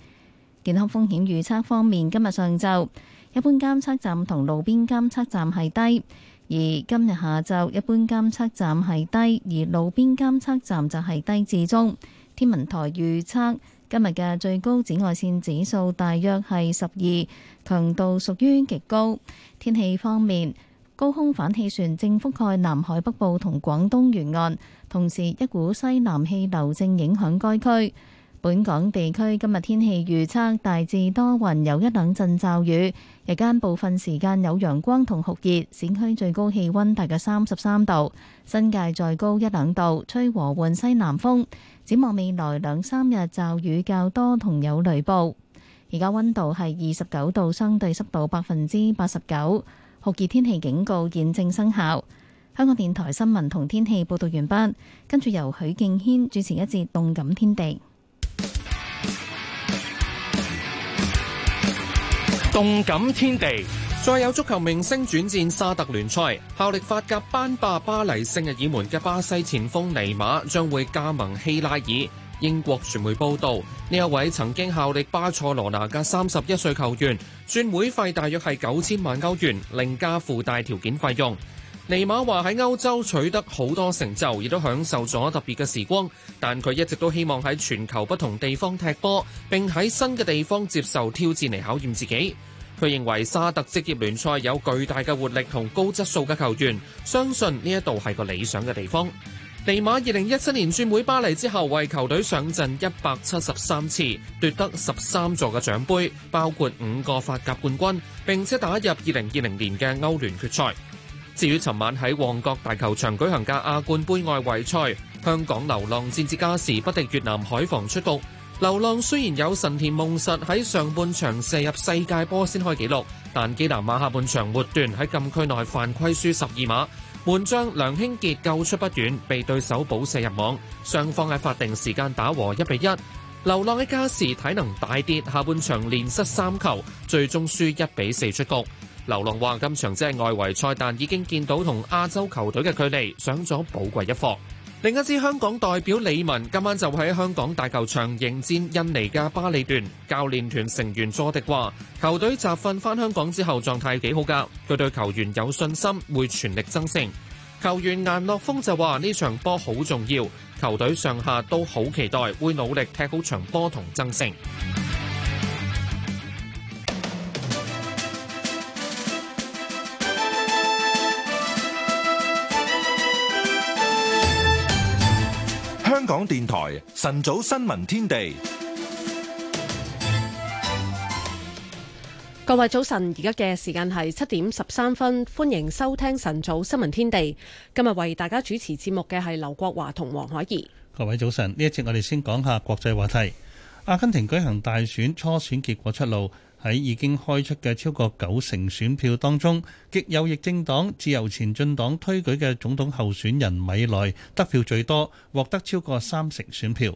健康風險預測方面，今日上晝，一般監測站同路邊監測站係低；而今日下晝，一般監測站係低，而路邊監測站就係低至中。天文台預測。今日嘅最高紫外線指數大約係十二，強度屬於極高。天氣方面，高空反氣旋正覆蓋南海北部同廣東沿岸，同時一股西南氣流正影響該區。本港地區今日天氣預測大致多雲，有一兩陣驟雨，日間部分時間有陽光同酷熱，市區最高氣溫大概三十三度，新界再高一兩度，吹和緩西南風。展望未來兩三日，驟雨較多同有雷暴。而家溫度係二十九度，相對濕度百分之八十九。酷熱天氣警告現正生效。香港電台新聞同天氣報道完畢，跟住由許敬軒主持一節《動感天地》。《動感天地》再有足球明星轉戰沙特聯賽，效力法甲班霸巴黎聖日耳門嘅巴西前鋒尼馬將會加盟希拉爾。英國傳媒報道，呢一位曾經效力巴塞羅那嘅三十一歲球員，轉會費大約係九千萬歐元，另加附帶條件費用。尼馬話喺歐洲取得好多成就，亦都享受咗特別嘅時光，但佢一直都希望喺全球不同地方踢波，並喺新嘅地方接受挑戰嚟考驗自己。佢認為沙特職業聯賽有巨大嘅活力同高質素嘅球員，相信呢一度係個理想嘅地方。尼馬二零一七年轉會巴黎之後，為球隊上陣一百七十三次，奪得十三座嘅獎杯，包括五個法甲冠軍，並且打入二零二零年嘅歐聯決賽。至於尋晚喺旺角大球場舉行嘅亞冠杯外圍賽，香港流浪戰至加時不敵越南海防出局。流浪雖然有神田夢實喺上半場射入世界波先開紀錄，但基南馬下半場末段喺禁區內犯規輸十二碼，門將梁興傑救出不遠，被對手補射入網，雙方喺法定時間打和一比一。流浪喺加時體能大跌，下半場連失三球，最終輸一比四出局。流浪話：今場只係外圍賽，但已經見到同亞洲球隊嘅距離，上咗寶貴一課。另一支香港代表李文今晚就喺香港大球場迎戰印尼加巴利段，教練團成員佐迪話：球隊集訓翻香港之後狀態幾好噶佢對球員有信心，會全力爭勝。球員顏樂峰就話：呢場波好重要，球隊上下都好期待，會努力踢好場波同爭勝。港電台晨早新聞天地，各位早晨，而家嘅時間係七點十三分，歡迎收聽晨早新聞天地。今日為大家主持節目嘅係劉國華同黃海怡。各位早晨，呢一節我哋先講下國際話題。阿根廷舉行大選，初選結果出爐。喺已經開出嘅超過九成選票當中，極右翼政黨自由前進黨推舉嘅總統候選人米萊得票最多，獲得超過三成選票。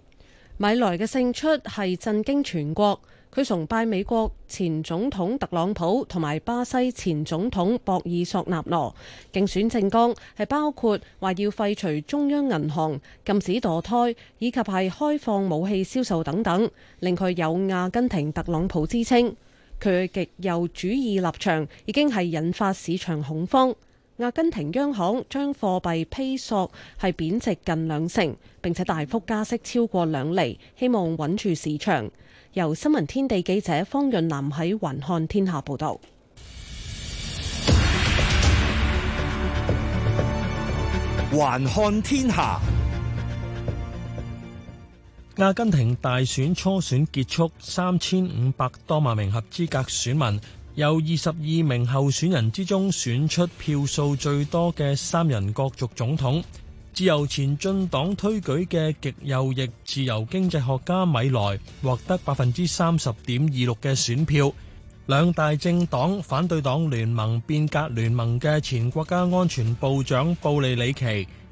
米萊嘅勝出係震驚全國。佢崇拜美國前總統特朗普同埋巴西前總統博爾索納羅，競選政綱係包括話要廢除中央銀行、禁止墮胎以及係開放武器銷售等等，令佢有阿根廷特朗普之稱。佢極右主義立場已經係引發市場恐慌。阿根廷央行將貨幣披索係貶值近兩成，並且大幅加息超過兩厘，希望穩住市場。由新聞天地記者方潤南喺《環看天下》報導。《環看天下》阿根廷大選初選結束，三千五百多萬名合資格選民由二十二名候選人之中選出票數最多嘅三人角逐總統。自由前進黨推舉嘅極右翼自由經濟學家米萊獲得百分之三十點二六嘅選票。兩大政黨反對黨聯盟變革聯盟嘅前國家安全部長布利里奇。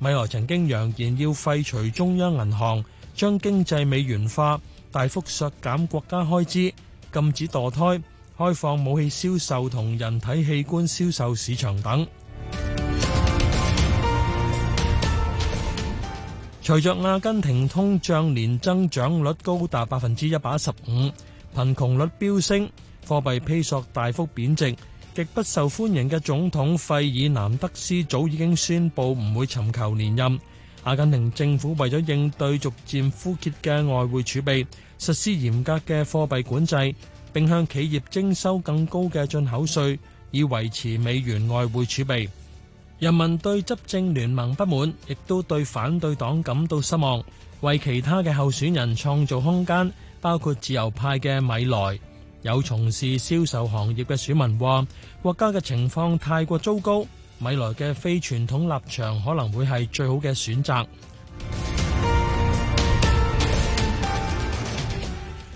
米萊曾經揚言要廢除中央銀行，將經濟美元化，大幅削減國家開支，禁止墮胎，開放武器銷售同人體器官銷售市場等。隨 着阿根廷通脹年增長率高達百分之一百一十五，貧窮率飆升，貨幣披索大幅貶值。極不受歡迎嘅總統費爾南德斯早已經宣布唔會尋求連任。阿根廷政府為咗應對逐漸枯竭嘅外匯儲備實施嚴格嘅貨幣管制，並向企業徵收更高嘅進口稅，以維持美元外匯儲備。人民對執政聯盟不滿，亦都對反對黨感到失望，為其他嘅候選人創造空間，包括自由派嘅米萊。有從事銷售行業嘅選民話：國家嘅情況太過糟糕，米萊嘅非傳統立場可能會係最好嘅選擇。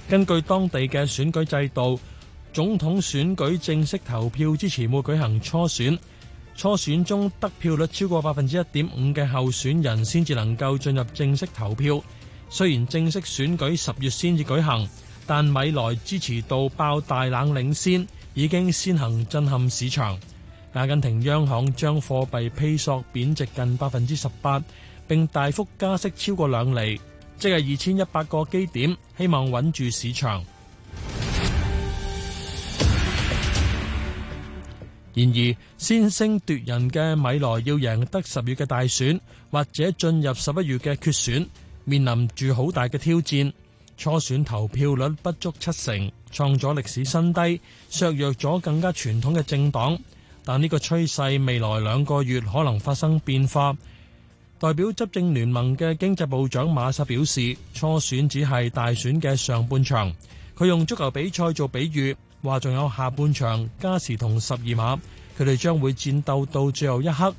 根據當地嘅選舉制度，總統選舉正式投票之前會舉行初選，初選中得票率超過百分之一點五嘅候選人先至能夠進入正式投票。雖然正式選舉十月先至舉行。但米萊支持度爆大冷領先，已經先行震撼市場。阿根廷央行將貨幣比索貶值近百分之十八，並大幅加息超過兩厘，即係二千一百個基點，希望穩住市場。 然而，先聲奪人嘅米萊要贏得十月嘅大選，或者進入十一月嘅決選，面臨住好大嘅挑戰。初選投票率不足七成，創咗歷史新低，削弱咗更加傳統嘅政黨。但呢個趨勢未來兩個月可能發生變化。代表執政聯盟嘅經濟部長馬薩表示，初選只係大選嘅上半場。佢用足球比賽做比喻，話仲有下半場加時同十二碼，佢哋將會戰鬥到最後一刻。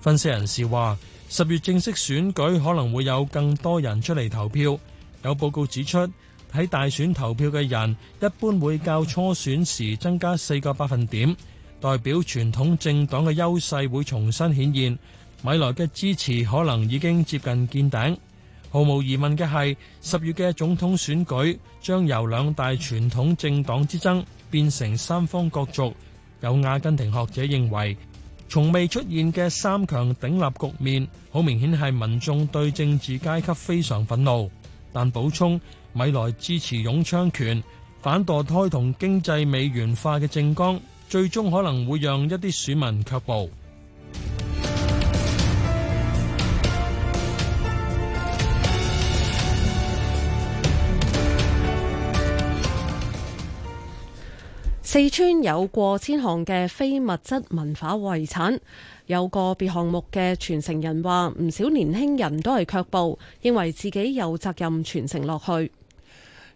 分析人士話。十月正式選舉可能會有更多人出嚟投票，有報告指出，喺大選投票嘅人一般會較初選時增加四個百分點，代表傳統政黨嘅優勢會重新顯現。米萊嘅支持可能已經接近見頂，毫無疑問嘅係，十月嘅總統選舉將由兩大傳統政黨之爭變成三方角逐。有阿根廷學者認為。從未出現嘅三強鼎立局面，好明顯係民眾對政治階級非常憤怒。但補充，米萊支持擁槍權、反墮胎同經濟美元化嘅政綱，最終可能會讓一啲選民卻步。四川有過千項嘅非物質文化遺產，有個別項目嘅傳承人話唔少年輕人都係卻步，認為自己有責任傳承落去。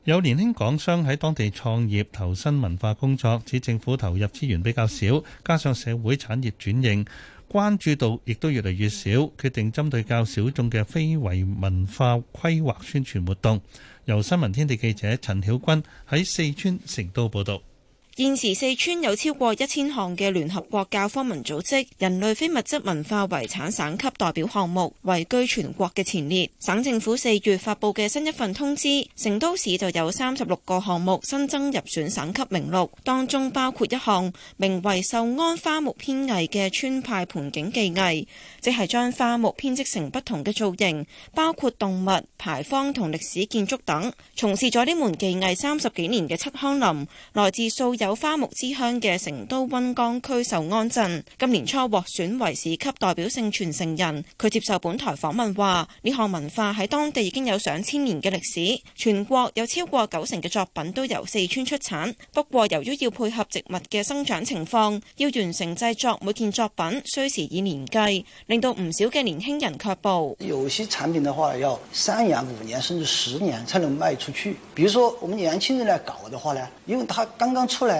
有年輕港商喺當地創業投身文化工作，指政府投入資源比較少，加上社會產業轉型，關注度亦都越嚟越少，決定針對較少眾嘅非遺文化規劃宣傳活動。由新聞天地記者陳曉君喺四川成都報道。現時四川有超過一千項嘅聯合國教科文組織人類非物質文化遺產省級代表項目，位居全國嘅前列。省政府四月發布嘅新一份通知，成都市就有三十六個項目新增入選省級名錄，當中包括一項名為壽安花木編藝嘅川派盆景技藝，即係將花木編織成不同嘅造型，包括動物、牌坊同歷史建築等。從事咗呢門技藝三十幾年嘅戚康林，來自蘇州。有花木之鄉嘅成都溫江區壽安鎮今年初獲選為市級代表性傳承人。佢接受本台訪問話，呢項文化喺當地已經有上千年嘅歷史，全國有超過九成嘅作品都由四川出產，不過由於要配合植物嘅生長情況，要完成製作每件作品需時以年計，令到唔少嘅年輕人卻步。有些產品嘅話要三年、五年甚至十年才能賣出去。比如說我們年輕人嚟搞嘅話咧，因為他剛剛出來。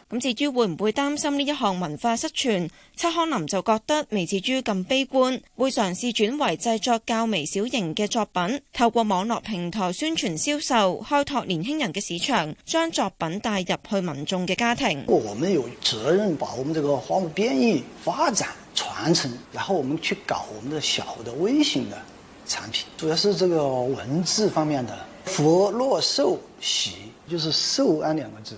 咁至於會唔會擔心呢一項文化失傳？漆康林就覺得未至於咁悲觀，會嘗試轉為製作較微小型嘅作品，透過網絡平台宣傳銷售，開拓年輕人嘅市場，將作品帶入去民眾嘅家庭。我們有責任把我們這個花木變異發展傳承，然後我們去搞我們的小的微型嘅產品，主要是這個文字方面的。福祿壽喜，就是壽安兩個字。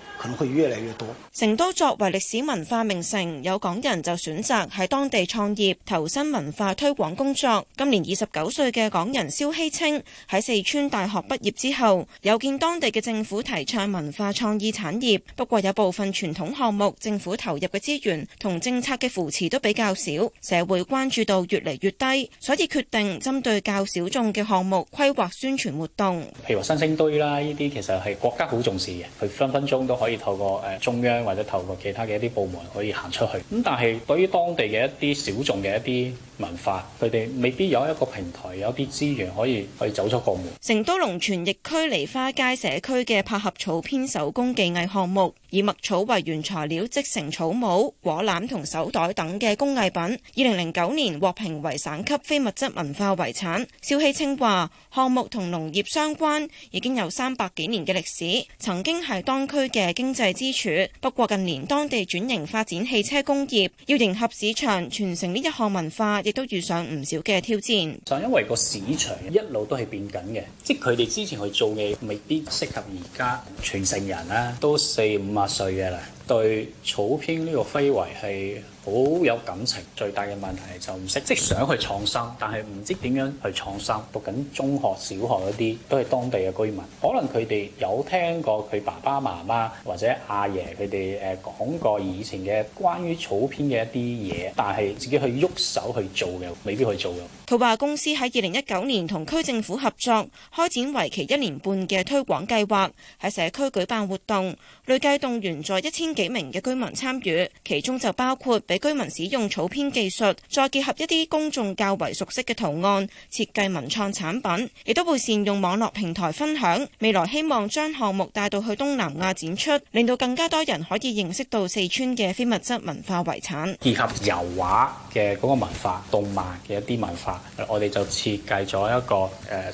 可能會越來越多。成都作為歷史文化名城，有港人就選擇喺當地創業、投身文化推廣工作。今年二十九歲嘅港人蕭希清喺四川大學畢業之後，有見當地嘅政府提倡文化創意產業，不過有部分傳統項目，政府投入嘅資源同政策嘅扶持都比較少，社會關注度越嚟越低，所以決定針對較小眾嘅項目規劃宣傳活動。譬如話三星堆啦，呢啲其實係國家好重視嘅，佢分分鐘都可以，透過誒中央或者透過其他嘅一啲部門可以行出去，咁但係對於當地嘅一啲小眾嘅一啲文化，佢哋未必有一個平台，有啲資源可以去走出個門。成都龍泉驛區梨花街社區嘅柏合草編手工技藝項目，以麥草為原材料織成草帽、果籃同手袋等嘅工藝品，二零零九年獲評為省級非物質文化遺產。肖希清話，項目同農業相關，已經有三百幾年嘅歷史，曾經係當區嘅。經濟支柱，不過近年當地轉型發展汽車工業，要迎合市場，傳承呢一項文化，亦都遇上唔少嘅挑戰。就因為個市場一路都係變緊嘅，即係佢哋之前去做嘅未必適合而家傳承人啦，啊，都四五百歲嘅啦，對草編呢個非遺係。好有感情，最大嘅問題就唔識即想去創新，但係唔知點樣去創新。讀緊中學小學嗰啲都係當地嘅居民，可能佢哋有聽過佢爸爸媽媽或者阿爺佢哋誒講過以前嘅關於草編嘅一啲嘢，但係自己去喐手去做嘅，未必去做嘅，佢話公司喺二零一九年同區政府合作，開展為期一年半嘅推廣計劃，喺社區舉辦活動，累計動員在一千幾名嘅居民參與，其中就包括。俾居民使用草編技術，再結合一啲公眾較為熟悉嘅圖案設計文創產品，亦都會善用網絡平台分享。未來希望將項目帶到去東南亞展出，令到更加多人可以認識到四川嘅非物質文化遺產。結合油畫嘅嗰個文化、動漫嘅一啲文化，我哋就設計咗一個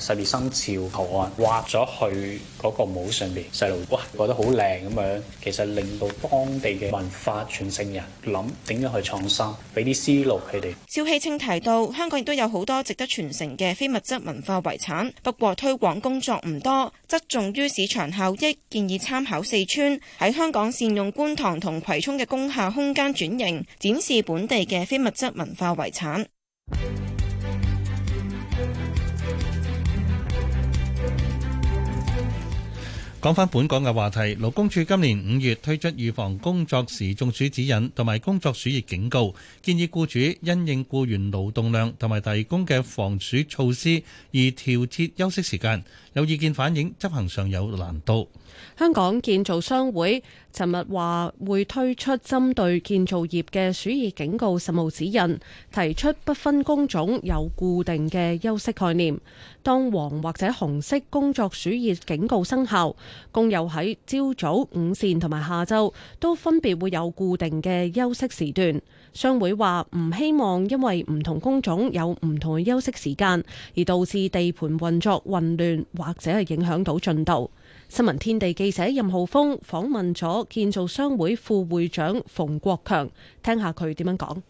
誒十二生肖圖案，畫咗去嗰個帽上面，細路哇覺得好靚咁樣，其實令到當地嘅文化傳承人諗整。去創新，俾啲思路佢哋。肖希清提到，香港亦都有好多值得傳承嘅非物質文化遺產，不過推廣工作唔多，側重於市場效益，建議參考四川喺香港善用觀塘同葵涌嘅工廈空間轉型，展示本地嘅非物質文化遺產。講翻本港嘅話題，勞工處今年五月推出預防工作時中暑指引同埋工作暑熱警告，建議僱主因應僱員勞動量同埋提供嘅防暑措施而調節休息時間。有意見反映執行上有難度。香港建造商會尋日話會推出針對建造業嘅暑熱警告實務指引，提出不分工種有固定嘅休息概念。當黃或者紅色工作暑熱警告生效，工友喺朝早、午膳同埋下晝都分別會有固定嘅休息時段。商會話唔希望因為唔同工種有唔同嘅休息時間而導致地盤運作混亂或者係影響到進度。新聞天地記者任浩峰訪問咗建造商會副會長馮國強，聽下佢點樣講。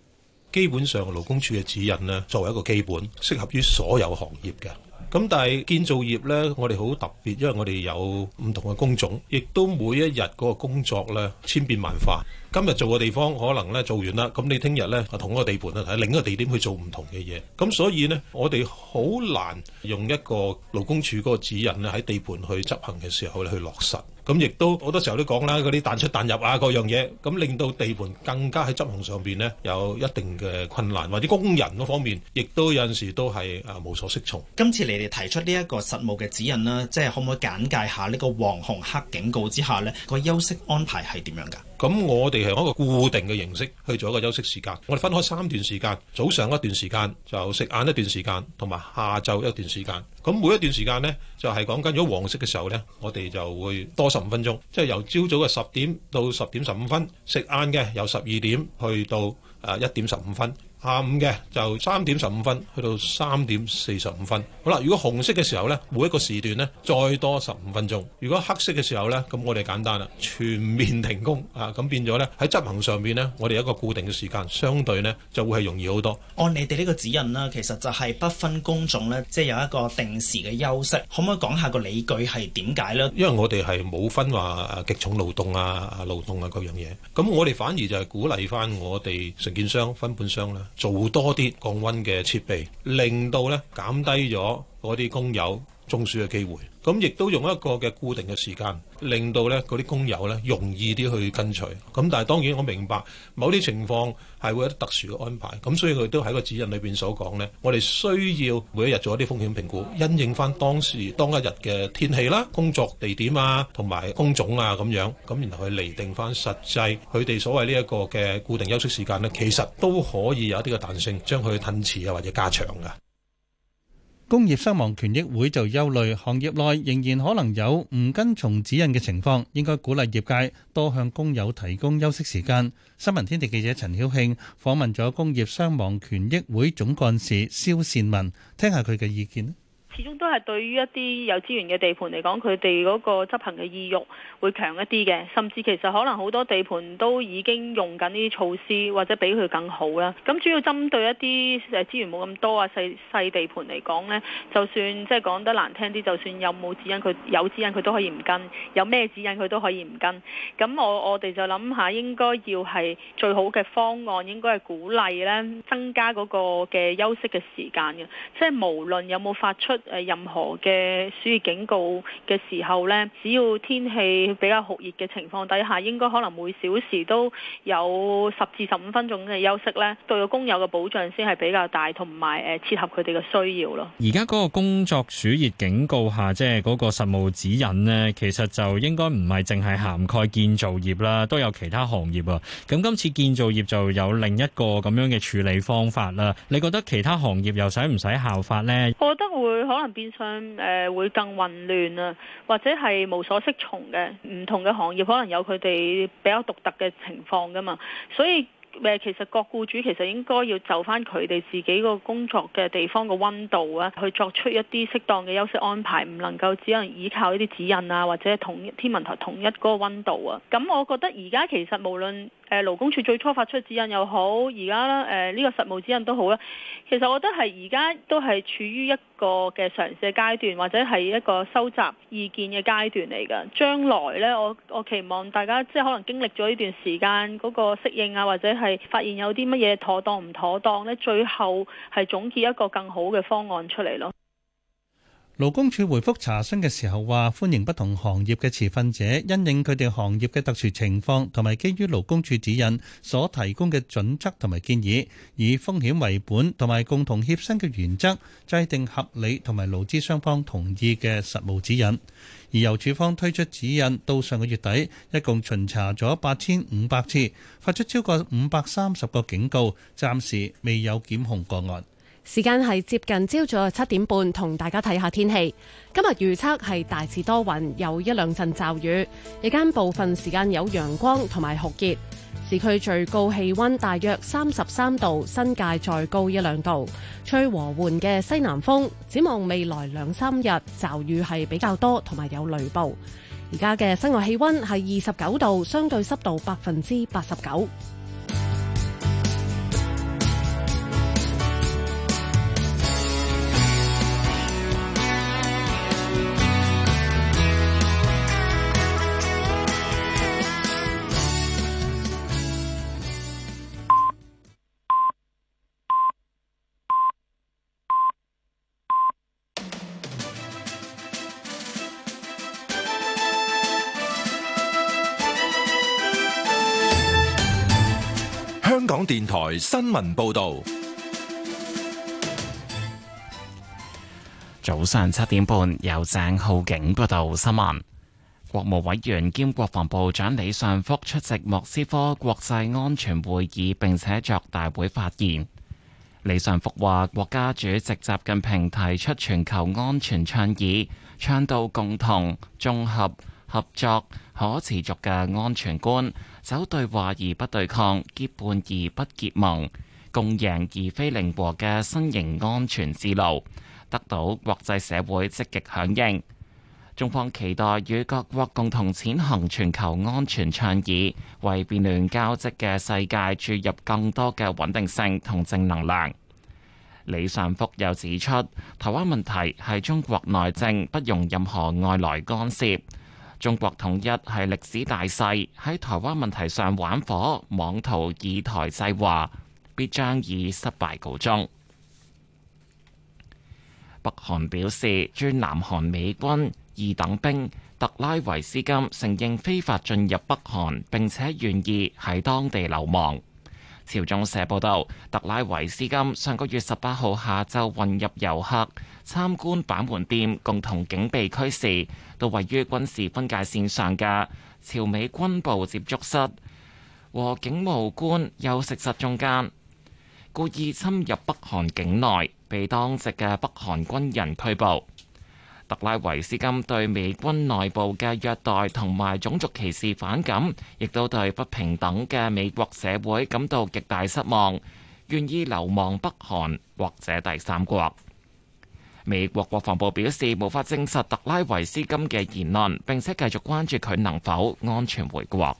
基本上勞工處嘅指引呢，作為一個基本，適合於所有行業嘅。咁但係建造業呢，我哋好特別，因為我哋有唔同嘅工種，亦都每一日個工作呢千變萬化。今日做嘅地方可能呢做完啦，咁你聽日呢同一個地盤呢喺另一個地點去做唔同嘅嘢，咁所以呢，我哋好難用一個勞工處嗰個指引呢喺地盤去執行嘅時候去落實。咁亦都好多時候都講啦，嗰啲彈出彈入啊，嗰樣嘢，咁令到地盤更加喺執行上面呢，有一定嘅困難，或者工人嗰方面亦都有陣時都係誒無所適從。今次你哋提出呢一個實務嘅指引啦，即係可唔可以簡介下呢個黃紅黑警告之下呢個休息安排係點樣㗎？咁我哋係一個固定嘅形式去做一個休息時間，我哋分開三段時間，早上一段時間，就食晏一段時間，同埋下晝一段時間。咁每一段時間呢，就係講緊，如果黃色嘅時候呢，我哋就會多十五分鐘，即係由朝早嘅十點到十點十五分，食晏嘅由十二點去到誒一點十五分。下午嘅就三點十五分去到三點四十五分，好啦。如果紅色嘅時候呢，每一個時段呢，再多十五分鐘；如果黑色嘅時候呢，咁我哋簡單啦，全面停工啊。咁變咗呢，喺執行上邊呢，我哋一個固定嘅時間，相對呢就會係容易好多。按你哋呢個指引啦，其實就係不分工種呢，即係有一個定時嘅休息。可唔可以講下個理據係點解呢？因為我哋係冇分話極重勞動啊、勞動啊各樣嘢，咁我哋反而就係鼓勵翻我哋承建商、分本商啦。做多啲降溫嘅設備，令到咧減低咗嗰啲工友中暑嘅機會，咁亦都用一個嘅固定嘅時間，令到呢嗰啲工友呢容易啲去跟隨。咁但係當然我明白某啲情況係會有特殊嘅安排，咁所以佢都喺個指引裏邊所講呢，我哋需要每一日做一啲風險評估，因應翻當時當一日嘅天氣啦、工作地點啊、同埋工種啊咁樣，咁然後去厘定翻實際佢哋所謂呢一個嘅固定休息時間呢，其實都可以有一啲嘅彈性，將佢去褪遲啊或者加長噶、啊。工業傷亡權益會就憂慮，行業內仍然可能有唔跟從指引嘅情況，應該鼓勵業界多向工友提供休息時間。新聞天地記者陳曉慶訪問咗工業傷亡權益會總幹事蕭善文，聽下佢嘅意見。始終都係對於一啲有資源嘅地盤嚟講，佢哋嗰個執行嘅意欲會強一啲嘅。甚至其實可能好多地盤都已經用緊呢啲措施，或者比佢更好啦。咁主要針對一啲誒資源冇咁多啊細細地盤嚟講呢，就算即係講得難聽啲，就算有冇指引，佢有指引佢都可以唔跟，有咩指引佢都可以唔跟。咁我我哋就諗下，應該要係最好嘅方案，應該係鼓勵呢增加嗰個嘅休息嘅時間嘅，即係無論有冇發出。誒任何嘅暑熱警告嘅時候呢，只要天氣比較酷熱嘅情況底下，應該可能每小時都有十至十五分鐘嘅休息呢，對個工友嘅保障先係比較大，同埋誒切合佢哋嘅需要咯。而家嗰個工作暑熱警告下，即係嗰個實務指引呢，其實就應該唔係淨係涵蓋建造業啦，都有其他行業啊。咁今次建造業就有另一個咁樣嘅處理方法啦。你覺得其他行業又使唔使效法呢？我覺得會可。可能變相誒、呃、會更混亂啊，或者係無所適從嘅。唔同嘅行業可能有佢哋比較獨特嘅情況㗎嘛，所以誒、呃、其實各雇主其實應該要就返佢哋自己個工作嘅地方個温度啊，去作出一啲適當嘅休息安排，唔能夠只能依靠呢啲指引啊，或者同天文台統一嗰個温度啊。咁、嗯、我覺得而家其實無論。誒勞工處最初發出指引又好，而家呢個實務指引都好啦。其實我覺得係而家都係處於一個嘅嘗試階段，或者係一個收集意見嘅階段嚟嘅。將來呢，我我期望大家即係可能經歷咗呢段時間嗰個適應啊，或者係發現有啲乜嘢妥當唔妥當呢，最後係總結一個更好嘅方案出嚟咯。勞工處回覆查詢嘅時候話，歡迎不同行業嘅持份者，因應佢哋行業嘅特殊情況，同埋基於勞工處指引所提供嘅準則同埋建議，以風險為本同埋共同協商嘅原則，制定合理同埋勞資雙方同意嘅實務指引。而由處方推出指引，到上個月底，一共巡查咗八千五百次，發出超過五百三十個警告，暫時未有檢控個案。時間係接近朝早七點半，同大家睇下天氣。今日預測係大致多雲，有一兩陣驟雨，日間部分時間有陽光同埋酷熱。市區最高氣溫大約三十三度，新界再高一兩度，吹和緩嘅西南風。展望未來兩三日，驟雨係比較多，同埋有雷暴。而家嘅室外氣溫係二十九度，相對濕度百分之八十九。電台新聞報道：早上七點半，由鄭浩景報道新聞。國務委員兼國防部長李尚福出席莫斯科國際安全會議，並且作大會發言。李尚福話：國家主席習近平提出全球安全倡議，倡導共同、綜合、合作、可持續嘅安全觀。走對話而不對抗，結伴而不結盟，共贏而非零和嘅新型安全之路，得到國際社會積極響應。中方期待與各國共同踐行全球安全倡議，為變亂交織嘅世界注入更多嘅穩定性同正能量。李尚福又指出，台灣問題係中國內政，不容任何外來干涉。中國統一係歷史大勢，喺台灣問題上玩火、妄圖以台制華，必將以失敗告終。北韓表示，駐南韓美軍二等兵特拉維斯金承認非法進入北韓，並且願意喺當地流亡。朝中社報導，特拉維斯金上個月十八號下晝混入遊客參觀板門店共同警備區時，到位於軍事分界線上嘅朝美軍部接觸室和警務官休息室中間，故意侵入北韓境內，被當值嘅北韓軍人拘捕。特拉維斯金對美軍內部嘅虐待同埋種族歧視反感，亦都對不平等嘅美國社會感到極大失望，願意流亡北韓或者第三國。美國國防部表示無法證實特拉維斯金嘅言論，並且繼續關注佢能否安全回國。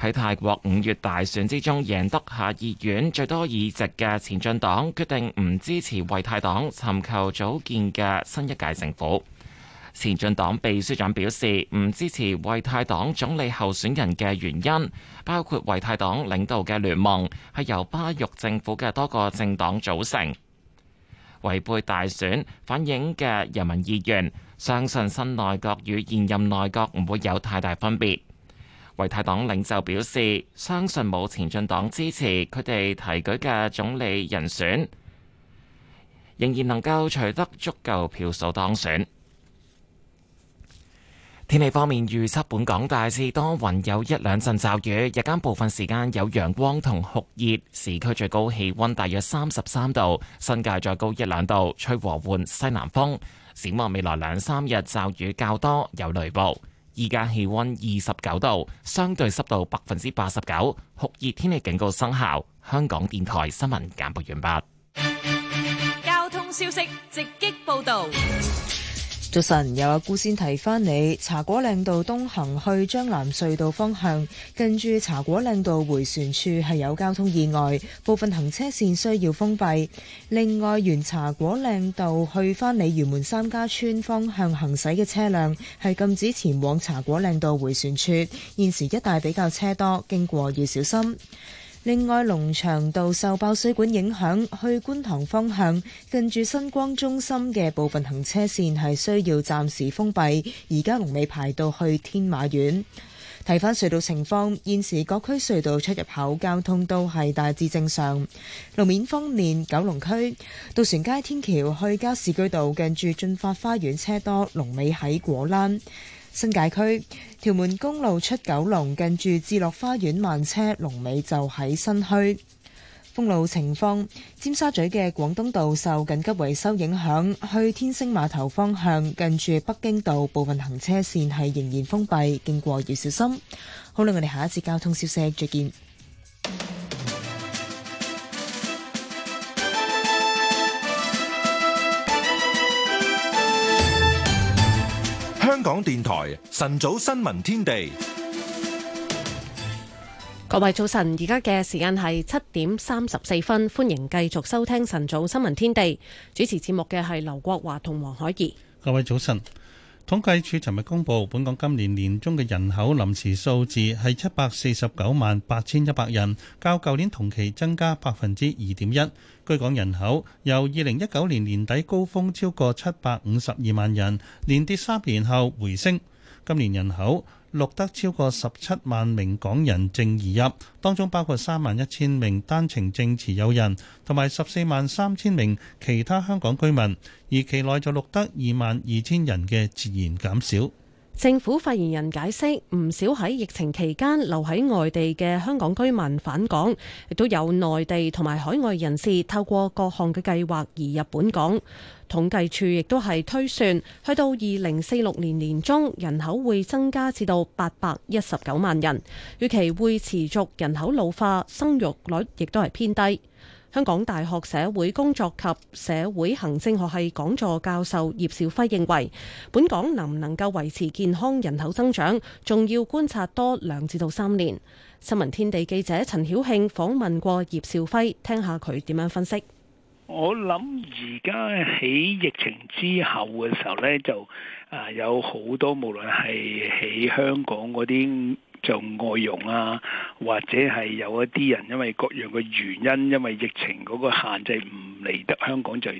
喺泰國五月大選之中贏得下議院最多議席嘅前進黨決定唔支持為泰黨尋求組建嘅新一屆政府。前進黨秘書長表示，唔支持為泰黨總理候選人嘅原因包括為泰黨領導嘅聯盟係由巴育政府嘅多個政黨組成，違背大選反映嘅人民意願，相信新內閣與現任內閣唔會有太大分別。為泰黨領袖表示，相信冇前進黨支持，佢哋提舉嘅總理人選仍然能夠取得足夠票數當選。天氣方面，預測本港大致多雲，有一兩陣驟雨，日間部分時間有陽光同酷熱，市區最高氣溫大約三十三度，新界再高一兩度，吹和緩西南風。展望未來兩三日，驟雨較多，有雷暴。而家氣溫二十九度，相對濕度百分之八十九，酷熱天氣警告生效。香港電台新聞簡報完畢。交通消息直擊報道。早晨，有阿姑先提翻你，茶果嶺道東行去將藍隧道方向，近住茶果嶺道回旋處係有交通意外，部分行車線需要封閉。另外，沿茶果嶺道去翻鯉魚門三家村方向行駛嘅車輛係禁止前往茶果嶺道回旋處。現時一帶比較車多，經過要小心。另外，龍翔道受爆水管影響，去觀塘方向近住新光中心嘅部分行車線係需要暫時封閉。而家龍尾排到去天馬苑。睇翻隧道情況，現時各區隧道出入口交通都係大致正常。路面方面，九龍區渡船街天橋去加士居道近住進發花園車多，龍尾喺果欄。新界區，屯門公路出九龍，近住智樂花園慢車，龍尾就喺新墟。封路情況，尖沙咀嘅廣東道受緊急維修影響，去天星碼頭方向近住北京道部分行車線係仍然封閉，經過要小心。好啦，我哋下一次交通消息再見。香港電台晨早新聞天地，各位早晨，而家嘅時間係七點三十四分，歡迎繼續收聽晨早新聞天地。主持節目嘅係劉國華同黃海怡。各位早晨。統計處尋日公布，本港今年年中嘅人口臨時數字係七百四十九萬八千一百人，較舊年同期增加百分之二點一。居港人口由二零一九年年底高峰超過七百五十二萬人，連跌三年後回升。今年人口錄得超過十七萬名港人淨移入，當中包括三萬一千名單程證持有人，同埋十四萬三千名其他香港居民，而期內就錄得二萬二千人嘅自然減少。政府發言人解釋，唔少喺疫情期間留喺外地嘅香港居民返港，亦都有內地同埋海外人士透過各項嘅計劃移入本港。統計處亦都係推算，去到二零四六年年中，人口會增加至到八百一十九萬人，預期會持續人口老化，生育率，亦都係偏低。香港大學社會工作及社會行政學系講座教授葉兆輝認為，本港能唔能夠維持健康人口增長，仲要觀察多兩至到三年。新聞天地記者陳曉慶訪問過葉兆輝，聽下佢點樣分析。我諗而家喺疫情之後嘅時候呢，就啊有好多無論係喺香港嗰啲。就外傭啊，或者係有一啲人，因為各樣嘅原因，因為疫情嗰個限制唔嚟得香港，就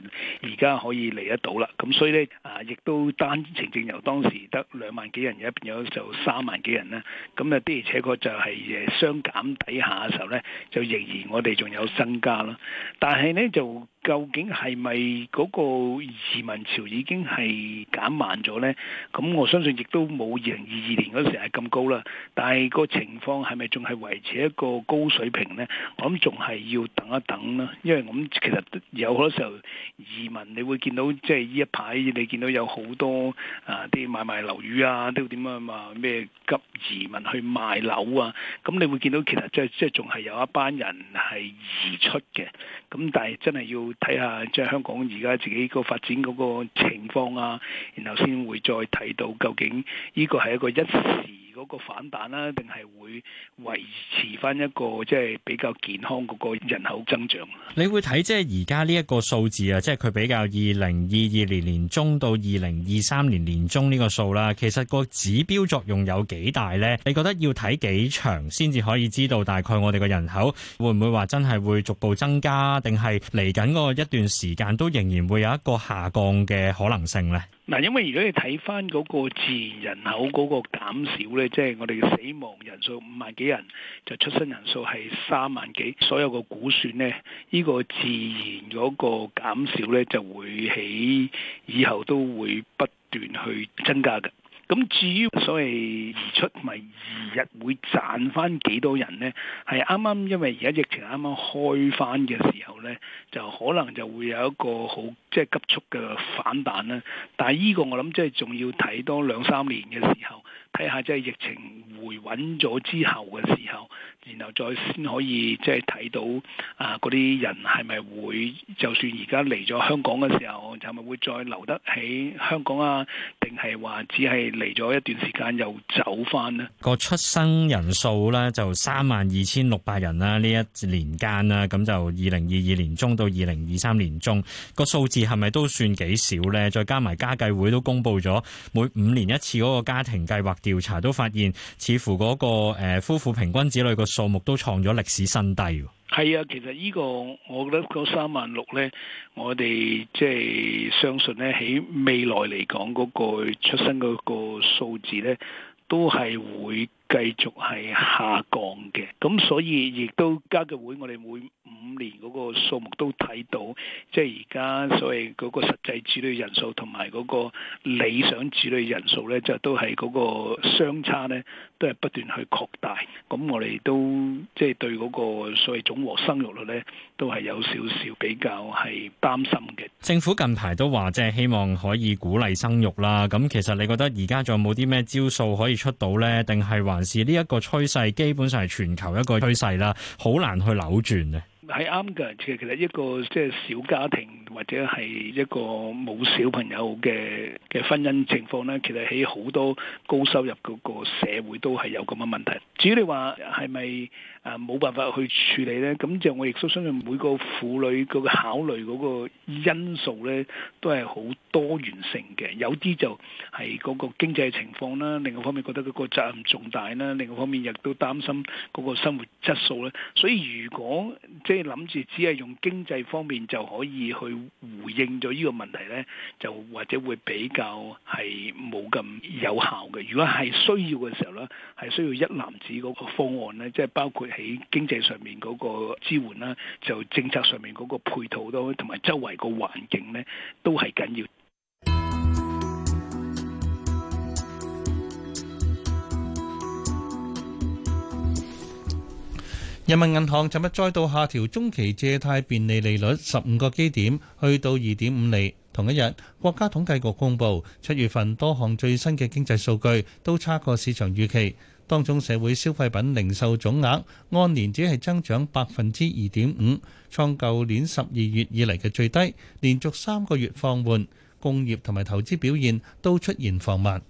而家可以嚟得到啦。咁所以呢，啊，亦都單程證由當時得兩萬幾人而家變咗就三萬幾人啦。咁啊，的而且確就係誒雙減底下嘅時候呢，就仍然我哋仲有增加咯。但係呢，就。究竟係咪嗰個移民潮已經係減慢咗呢？咁我相信亦都冇二零二二年嗰時係咁高啦。但係個情況係咪仲係維持一個高水平呢？我諗仲係要等一等啦。因為我諗其實有好多時候移民，你會見到即係呢一排你見到有好多啊啲買賣樓宇啊，都點樣啊咩急移民去賣樓啊。咁你會見到其實即係即係仲係有一班人係移出嘅。咁但係真係要睇下即係香港而家自己個發展嗰個情況啊，然後先會再提到究竟呢個係一個一時。嗰個反彈啦，定係會維持翻一個即係比較健康嗰個人口增長。你會睇即係而家呢一個數字啊，即係佢比較二零二二年年中到二零二三年年中呢個數啦。其實個指標作用有幾大咧？你覺得要睇幾長先至可以知道大概我哋嘅人口會唔會話真係會逐步增加，定係嚟緊嗰一段時間都仍然會有一個下降嘅可能性咧？嗱，因為如果你睇翻嗰個自然人口嗰個減少咧，即係我哋死亡人數五萬幾人，就出生人數係三萬幾，所有嘅估算咧，呢個自然嗰個減少咧就會喺以後都會不斷去增加嘅。咁至於所謂而出，咪二日會賺翻幾多人呢？係啱啱，因為而家疫情啱啱開翻嘅時候呢，就可能就會有一個好即係急速嘅反彈啦。但係呢個我諗即係仲要睇多兩三年嘅時候，睇下即係疫情回穩咗之後嘅時候。然後再先可以即係睇到啊嗰啲人係咪會就算而家嚟咗香港嘅時候，就係咪會再留得起香港啊？定係話只係嚟咗一段時間又走翻咧？個出生人數咧就三萬二千六百人啦，呢一年間啦，咁就二零二二年中到二零二三年中個數字係咪都算幾少咧？再加埋家計會都公布咗每五年一次嗰個家庭計劃調查，都發現似乎嗰個、呃、夫婦平均子女個數。數目都創咗歷史新低。係啊，其實呢個我覺得嗰三萬六咧，我哋即係相信咧，喺未來嚟講，嗰個出生嗰個數字咧，都係會。繼續係下降嘅，咁所以亦都家計會我哋每五年嗰個數目都睇到，即係而家所謂嗰個實際子女人數同埋嗰個理想子女人數呢，就是、都係嗰個相差呢，都係不斷去擴大。咁我哋都即係、就是、對嗰個所謂總和生育率呢。都係有少少比較係擔心嘅。政府近排都話，即係希望可以鼓勵生育啦。咁其實你覺得而家仲有冇啲咩招數可以出到呢？定係還是呢一個趨勢基本上係全球一個趨勢啦，好難去扭轉嘅。係，啱㗎，其實一個即係小家庭或者係一個冇小朋友嘅嘅婚姻情況呢，其實喺好多高收入嗰個社會都係有咁嘅問題。至於你話係咪？是啊，冇辦法去處理呢。咁就我亦都相信每個婦女嗰個考慮嗰個因素呢，都係好多元性嘅。有啲就係嗰個經濟情況啦，另一方面覺得嗰個責任重大啦，另一方面亦都擔心嗰個生活質素咧。所以如果即係諗住只係用經濟方面就可以去回應咗呢個問題呢，就或者會比較係冇咁有效嘅。如果係需要嘅時候咧，係需要一男子嗰個方案呢，即係包括。喺經濟上面嗰個支援啦，就政策上面嗰個配套都，同埋周圍個環境呢，都係緊要。人民銀行尋日再度下調中期借貸便利利率十五個基點，去到二點五厘。同一日，國家統計局公布七月份多項最新嘅經濟數據，都差過市場預期。當中社會消費品零售總額按年只係增長百分之二點五，創舊年十二月以嚟嘅最低，連續三個月放緩，工業同埋投資表現都出現放慢。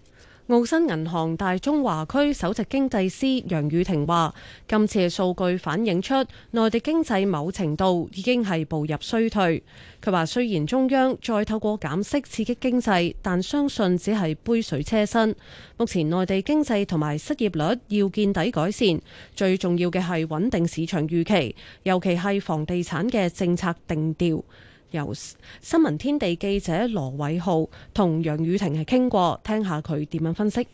澳新銀行大中華區首席經濟師楊宇霆話：今次嘅數據反映出內地經濟某程度已經係步入衰退。佢話雖然中央再透過減息刺激經濟，但相信只係杯水車薪。目前內地經濟同埋失業率要見底改善，最重要嘅係穩定市場預期，尤其係房地產嘅政策定調。由新聞天地記者羅偉浩同楊雨婷係傾過，聽下佢點樣分析。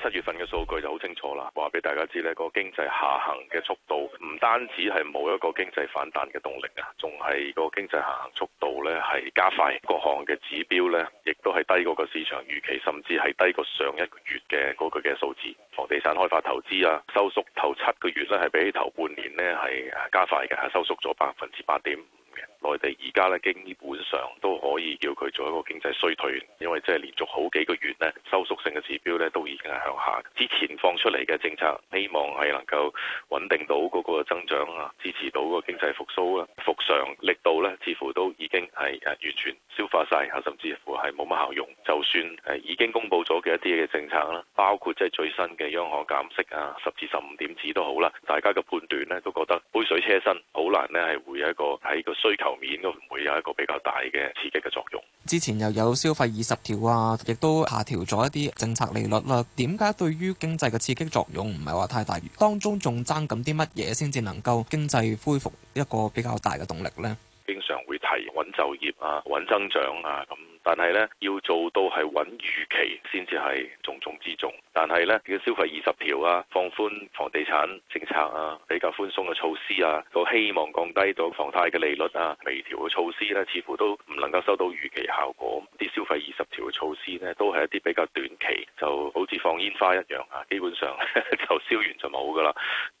七月份嘅數據就好清楚啦，話俾大家知呢個經濟下行嘅速度唔單止係冇一個經濟反彈嘅動力啊，仲係個經濟下行速度呢係加快，各項嘅指標呢亦都係低過個市場預期，甚至係低過上一個月嘅嗰個嘅數字。房地產開發投資啊，收縮頭七個月呢係比起頭半年呢係加快嘅，係收縮咗百分之八點五嘅。內地而家咧基本上都可以叫佢做一個經濟衰退，因為即係連續好幾個月咧收縮性嘅指標咧都已經係向下。之前放出嚟嘅政策，希望係能夠穩定到嗰個增長啊，支持到個經濟復甦啊，復常力度咧似乎都已經係誒完全消化曬，甚至乎係冇乜效用。就算係已經公布咗嘅一啲嘅政策啦，包括即係最新嘅央行減息啊，十至十五點子都好啦，大家嘅判斷咧都覺得杯水車薪，好難咧係會有一個喺個需求。樓面都唔會有一個比較大嘅刺激嘅作用。之前又有消費二十條啊，亦都下調咗一啲政策利率啦，啊。點解對於經濟嘅刺激作用唔係話太大？當中仲爭緊啲乜嘢先至能夠經濟恢復一個比較大嘅動力咧？經常會提穩就業啊、穩增長啊咁。但係咧要做到係穩預期，先至係重中之重。但係咧，嘅消費二十條啊，放寬房地產政策啊，比較寬鬆嘅措施啊，都希望降低到房貸嘅利率啊，微調嘅措施咧，似乎都唔能夠收到預期效果。啲消費二十條嘅措施呢，都係一啲比較短期，就好似放煙花一樣啊，基本上 就燒完就冇㗎啦。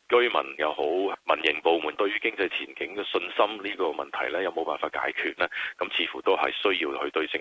居民又好，民營部門對於經濟前景嘅信心呢個問題咧，有冇辦法解決呢，咁似乎都係需要去對症。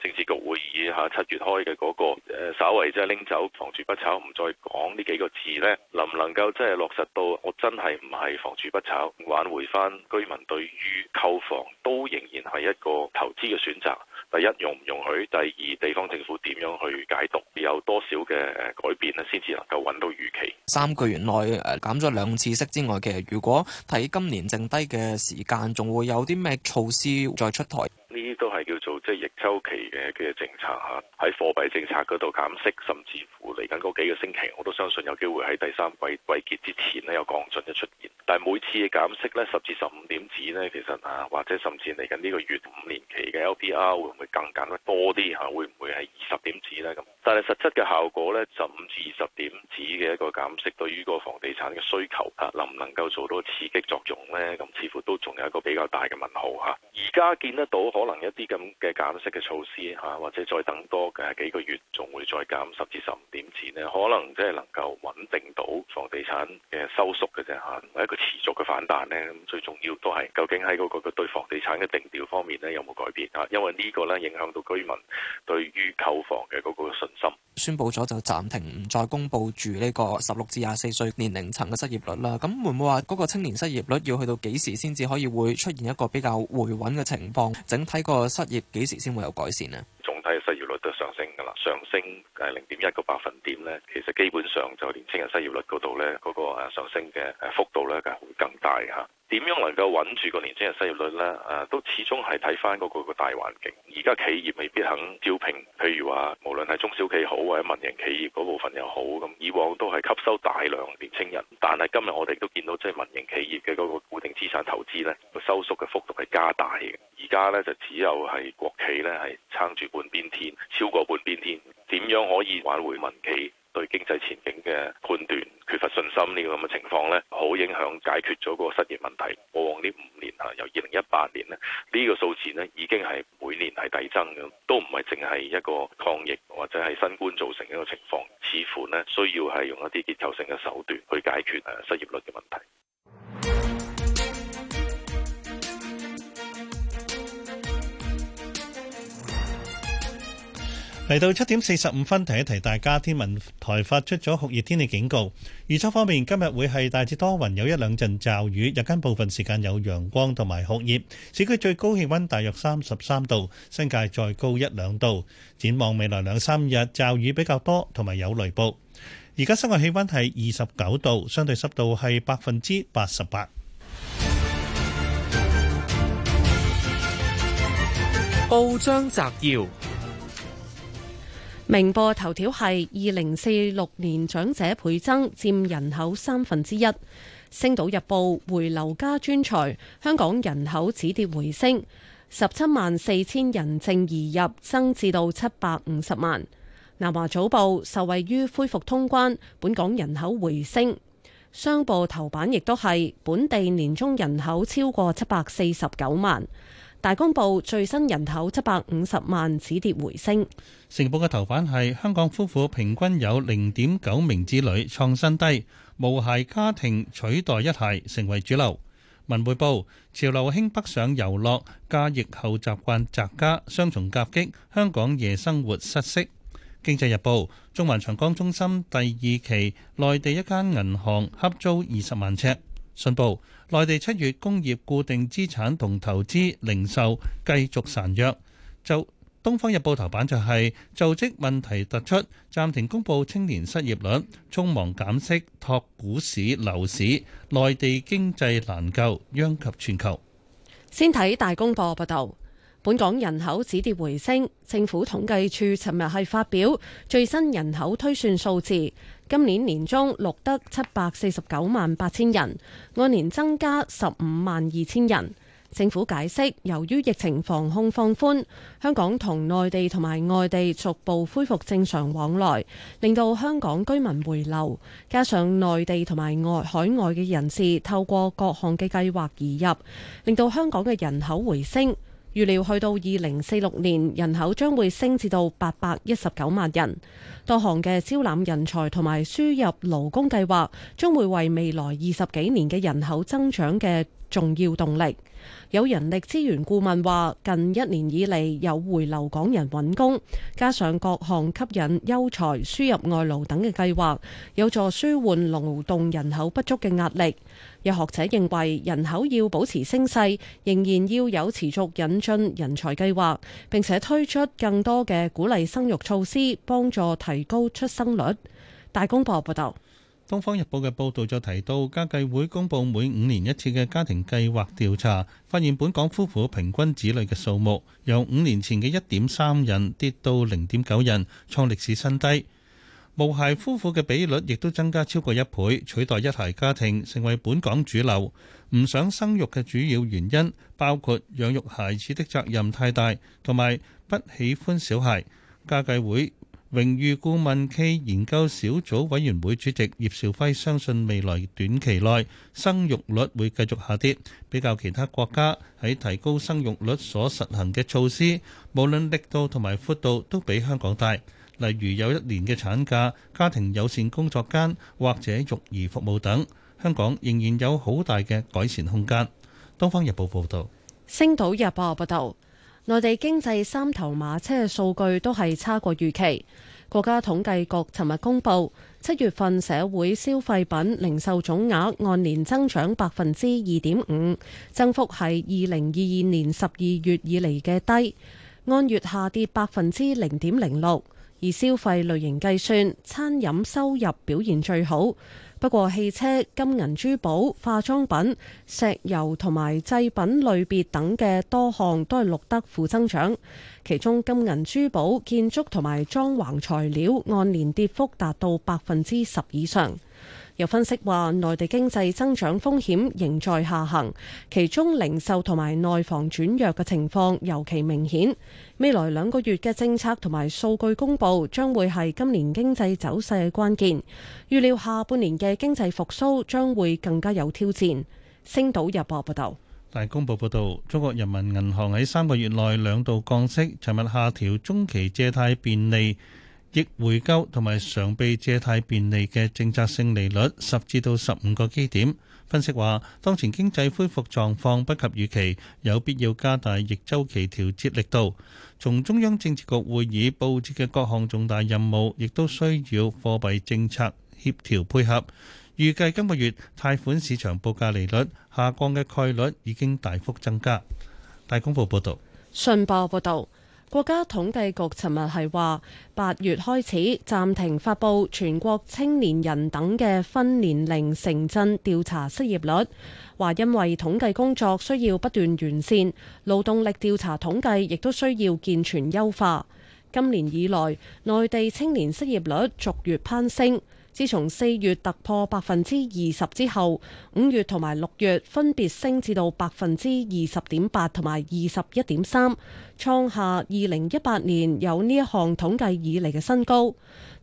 政治局會議嚇、啊、七月開嘅嗰個、呃、稍為即係拎走房住不炒，唔再講呢幾個字咧，能唔能夠即係落實到我真係唔係房住不炒，挽回翻居民對於購房都仍然係一個投資嘅選擇。第一容唔容許，第二地方政府點樣去解讀，有多少嘅改變咧，先至能夠揾到預期。三個月內誒減咗兩次息之外，其實如果睇今年剩低嘅時間，仲會有啲咩措施再出台？呢啲都係叫。即係逆周期嘅嘅政策嚇，喺貨幣政策嗰度減息，甚至乎嚟緊嗰幾個星期，我都相信有機會喺第三季季結之前咧有降準嘅出現。但係每次嘅減息呢十至十五點子呢，其實啊，或者甚至嚟緊呢個月五年期嘅 LPR 會唔會更減得多啲嚇？會唔會係二十點子呢？咁？但係實質嘅效果呢，十五至二十點子嘅一個減息，對於個房地產嘅需求啊，能唔能夠做到刺激作用呢？咁似乎都仲有一個比較大嘅問號嚇。而家見得到可能一啲咁嘅。減息嘅措施嚇，或者再等多嘅幾個月，仲會再減十至十五點前咧，可能即係能夠穩定到房地產嘅收縮嘅啫嚇，同埋一個持續嘅反彈呢，咁最重要都係究竟喺嗰個對房地產嘅定調方面呢，有冇改變啊？因為呢個呢，影響到居民對於購房嘅嗰個信心。宣布咗就暫停，唔再公佈住呢個十六至廿四歲年齡層嘅失業率啦。咁會唔會話嗰個青年失業率要去到幾時先至可以會出現一個比較回穩嘅情況？整體個失業幾？先會有改善啊！總體嘅失業率都上升㗎啦，上升誒零點一個百分點咧，其實基本上就年青人失業率嗰度咧，嗰個誒上升嘅誒幅度咧，梗係會更大嚇。點樣能夠穩住個年青人失業率呢？誒、啊，都始終係睇翻嗰個大環境。而家企業未必肯招聘，譬如話，無論係中小企業好或者民營企業嗰部分又好，咁以往都係吸收大量年青人。但係今日我哋都見到，即係民營企業嘅嗰個固定資產投資呢，個收縮嘅幅度係加大嘅。而家呢，就只有係國企呢係撐住半邊天，超過半邊天。點樣可以挽回民企？對經濟前景嘅判斷缺乏信心，呢個咁嘅情況呢，好影響解決咗個失業問題。過往呢五年啊，由二零一八年、這個、呢，呢個數字呢已經係每年係遞增嘅，都唔係淨係一個抗疫或者係新冠造成一個情況，似乎呢，需要係用一啲結構性嘅手段去解決誒失業率嘅問題。嚟到七點四十五分，提一提大家，天文台發出咗酷熱天氣警告。預測方面，今日會係大致多雲，有一兩陣驟雨，日間部分時間有陽光同埋酷熱。市區最高氣溫大約三十三度，新界再高一兩度。展望未來兩三日，驟雨比較多，同埋有雷暴。而家室外氣溫係二十九度，相對濕度係百分之八十八。報章摘要。明報頭條係二零四六年長者倍增，佔人口三分之一。星島日報回流加專才，香港人口止跌回升，十七萬四千人正移入，增至到七百五十萬。南華早報受惠於恢復通關，本港人口回升。商報頭版亦都係本地年中人口超過七百四十九萬。大公報最新人口七百五十萬止跌回升。成報嘅頭版係香港夫婦平均有零點九名子女，創新低，無孩家庭取代一孩成為主流。文匯報潮流興北上遊樂，加疫後習慣宅家，雙重夾擊，香港夜生活失色。經濟日報中環長江中心第二期，內地一間銀行合租二十萬尺。信報。內地七月工業固定資產同投資零售繼續孱弱。就《東方日報》頭版就係、是、就職問題突出，暫停公佈青年失業率，匆忙減息托股市樓市，內地經濟難救殃及全球。先睇大公報報道。本港人口止跌回升，政府統計處尋日係發表最新人口推算數字，今年年中錄得七百四十九萬八千人，按年增加十五萬二千人。政府解釋，由於疫情防控放寬，香港同內地同埋外地逐步恢復正常往來，令到香港居民回流，加上內地同埋外海外嘅人士透過各項嘅計劃移入，令到香港嘅人口回升。預料去到二零四六年，人口將會升至到八百一十九萬人。多項嘅招攬人才同埋輸入勞工計劃，將會為未來二十幾年嘅人口增長嘅重要動力。有人力資源顧問話：近一年以嚟有回流港人揾工，加上各項吸引優才、輸入外勞等嘅計劃，有助舒緩勞動人口不足嘅壓力。嘅學者認為，人口要保持升勢，仍然要有持續引進人才計劃，並且推出更多嘅鼓勵生育措施，幫助提高出生率。大公報報道，《東方日報》嘅報導就提到，家計會公布每五年一次嘅家庭計劃調查，發現本港夫婦平均子女嘅數目由五年前嘅一點三人跌到零點九人，創歷史新低。無孩夫婦嘅比率亦都增加超過一倍，取代一孩家庭，成為本港主流。唔想生育嘅主要原因，包括養育孩子的責任太大，同埋不喜歡小孩。家計會榮譽顧問暨研究小組委員會主席葉兆輝相信未來短期內，生育率會繼續下跌，比較其他國家喺提高生育率所實行嘅措施，無論力度同埋闊度都比香港大。例如有一年嘅產假、家庭友善工作間或者育兒服務等，香港仍然有好大嘅改善空間。《東方日報》報道，《星島日報》報道，內地經濟三頭馬車嘅數據都係差過預期。國家統計局尋日公布，七月份社會消費品零售總額按年增長百分之二點五，增幅係二零二二年十二月以嚟嘅低，按月下跌百分之零點零六。以消費類型計算，餐飲收入表現最好。不過，汽車、金銀珠寶、化妝品、石油同埋製品類別等嘅多項都係錄得負增長。其中，金銀珠寶、建築同埋裝潢材料按年跌幅達到百分之十以上。有分析話，內地經濟增長風險仍在下行，其中零售同埋內房轉弱嘅情況尤其明顯。未來兩個月嘅政策同埋數據公佈，將會係今年經濟走勢嘅關鍵。預料下半年嘅經濟復甦將會更加有挑戰。星島日報報道。大公報報道，中國人民銀行喺三個月內兩度降息，尋日下調中期借貸便利。逆回購同埋常備借貸便利嘅政策性利率十至到十五個基點。分析話，當前經濟恢復狀況不及預期，有必要加大逆周期調節力度。從中央政治局會議佈置嘅各項重大任務，亦都需要貨幣政策協調配合。預計今個月貸款市場報價利率下降嘅概率已經大幅增加。大公報報道，信報報道。國家統計局尋日係話，八月開始暫停發布全國青年人等嘅分年齡城鎮調查失業率，話因為統計工作需要不斷完善，勞動力調查統計亦都需要健全優化。今年以來，內地青年失業率逐月攀升。自從四月突破百分之二十之後，五月同埋六月分別升至到百分之二十點八同埋二十一點三，創下二零一八年有呢一項統計以嚟嘅新高。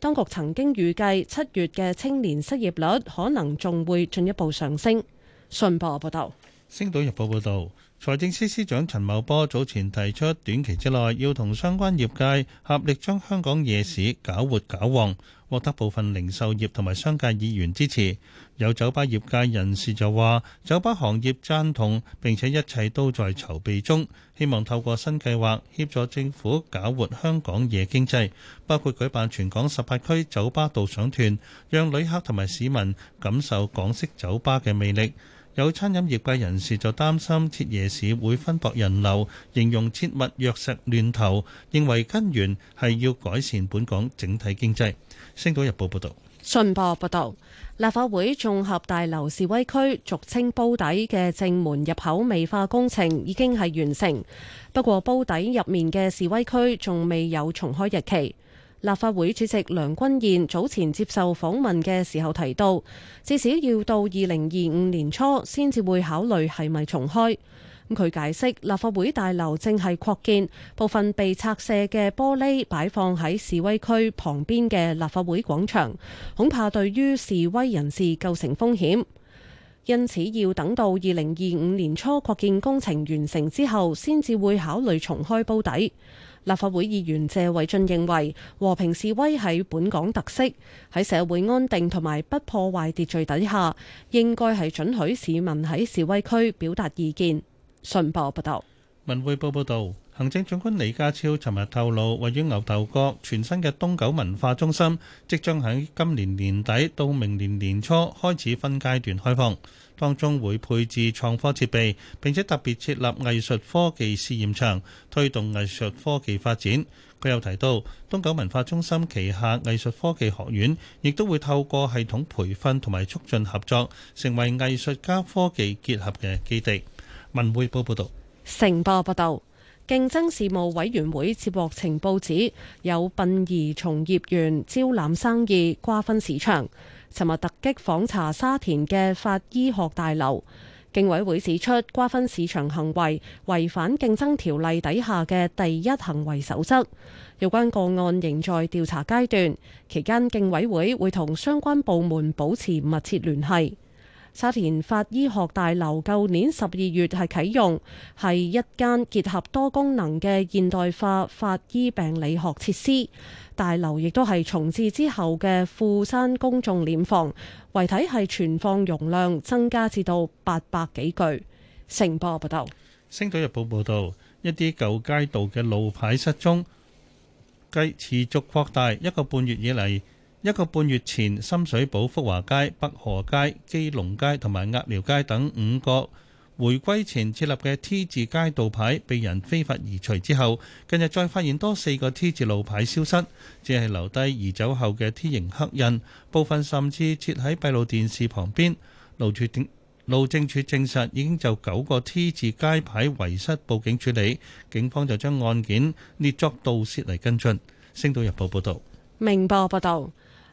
當局曾經預計七月嘅青年失業率可能仲會進一步上升。信報報道。星島日報報道。財政司司長陳茂波早前提出，短期之內要同相關業界合力將香港夜市搞活搞旺，獲得部分零售業同埋商界議員支持。有酒吧業界人士就話：酒吧行業贊同，並且一切都在籌備中，希望透過新計劃協助政府搞活香港夜經濟，包括舉辦全港十八區酒吧導賞團，讓旅客同埋市民感受港式酒吧嘅魅力。有餐飲業界人士就擔心設夜市會分薄人流，形容切勿藥石亂投，認為根源係要改善本港整體經濟。星島日報報道，信報報道，立法會綜合大樓示威區俗稱煲底嘅正門入口美化工程已經係完成，不過煲底入面嘅示威區仲未有重開日期。立法會主席梁君彥早前接受訪問嘅時候提到，至少要到二零二五年初先至會考慮係咪重開。佢解釋，立法會大樓正係擴建，部分被拆卸嘅玻璃擺放喺示威區旁邊嘅立法會廣場，恐怕對於示威人士構成風險，因此要等到二零二五年初擴建工程完成之後，先至會考慮重開煲底。立法會議員謝偉俊，認為和平示威喺本港特色，喺社會安定同埋不破壞秩序底下，應該係准許市民喺示威區表達意見。信報報道。文匯報報道，行政長官李家超尋日透露，位於牛頭角全新嘅東九文化中心，即將喺今年年底到明年年初開始分階段開放。當中會配置創科設備，並且特別設立藝術科技試驗場，推動藝術科技發展。佢又提到，東九文化中心旗下藝術科技學院，亦都會透過系統培訓同埋促進合作，成為藝術家科技結合嘅基地。文匯報報導，成報報道，競爭事務委員會接獲情報指，有殯儀從業員招攬生意，瓜分市場。尋日突擊訪查沙田嘅法醫學大樓，競委會指出瓜分市場行為違反競爭條例底下嘅第一行為守則。有關個案仍在調查階段，期間競委會會同相關部門保持密切聯繫。沙田法醫學大樓舊年十二月係啟用，係一間結合多功能嘅現代化法醫病理學設施。大樓亦都係重置之後嘅富山公眾殮房，遺體係存放容量增加至到八百幾具。成報、啊、報報道，《星島日報》報道一啲舊街道嘅路牌失蹤，繼持續擴大一個半月以嚟，一個半月前深水埗福華街、北河街、基隆街同埋鴨寮街等五個。回歸前設立嘅 T 字街道牌被人非法移除之後，近日再發現多四個 T 字路牌消失，只係留低移走後嘅 T 型刻印，部分甚至設喺閉路電視旁邊。路處路政處證實已經就九個 T 字街牌遺失報警處理，警方就將案件列作盜竊嚟跟進。星島日報報道，明報報道。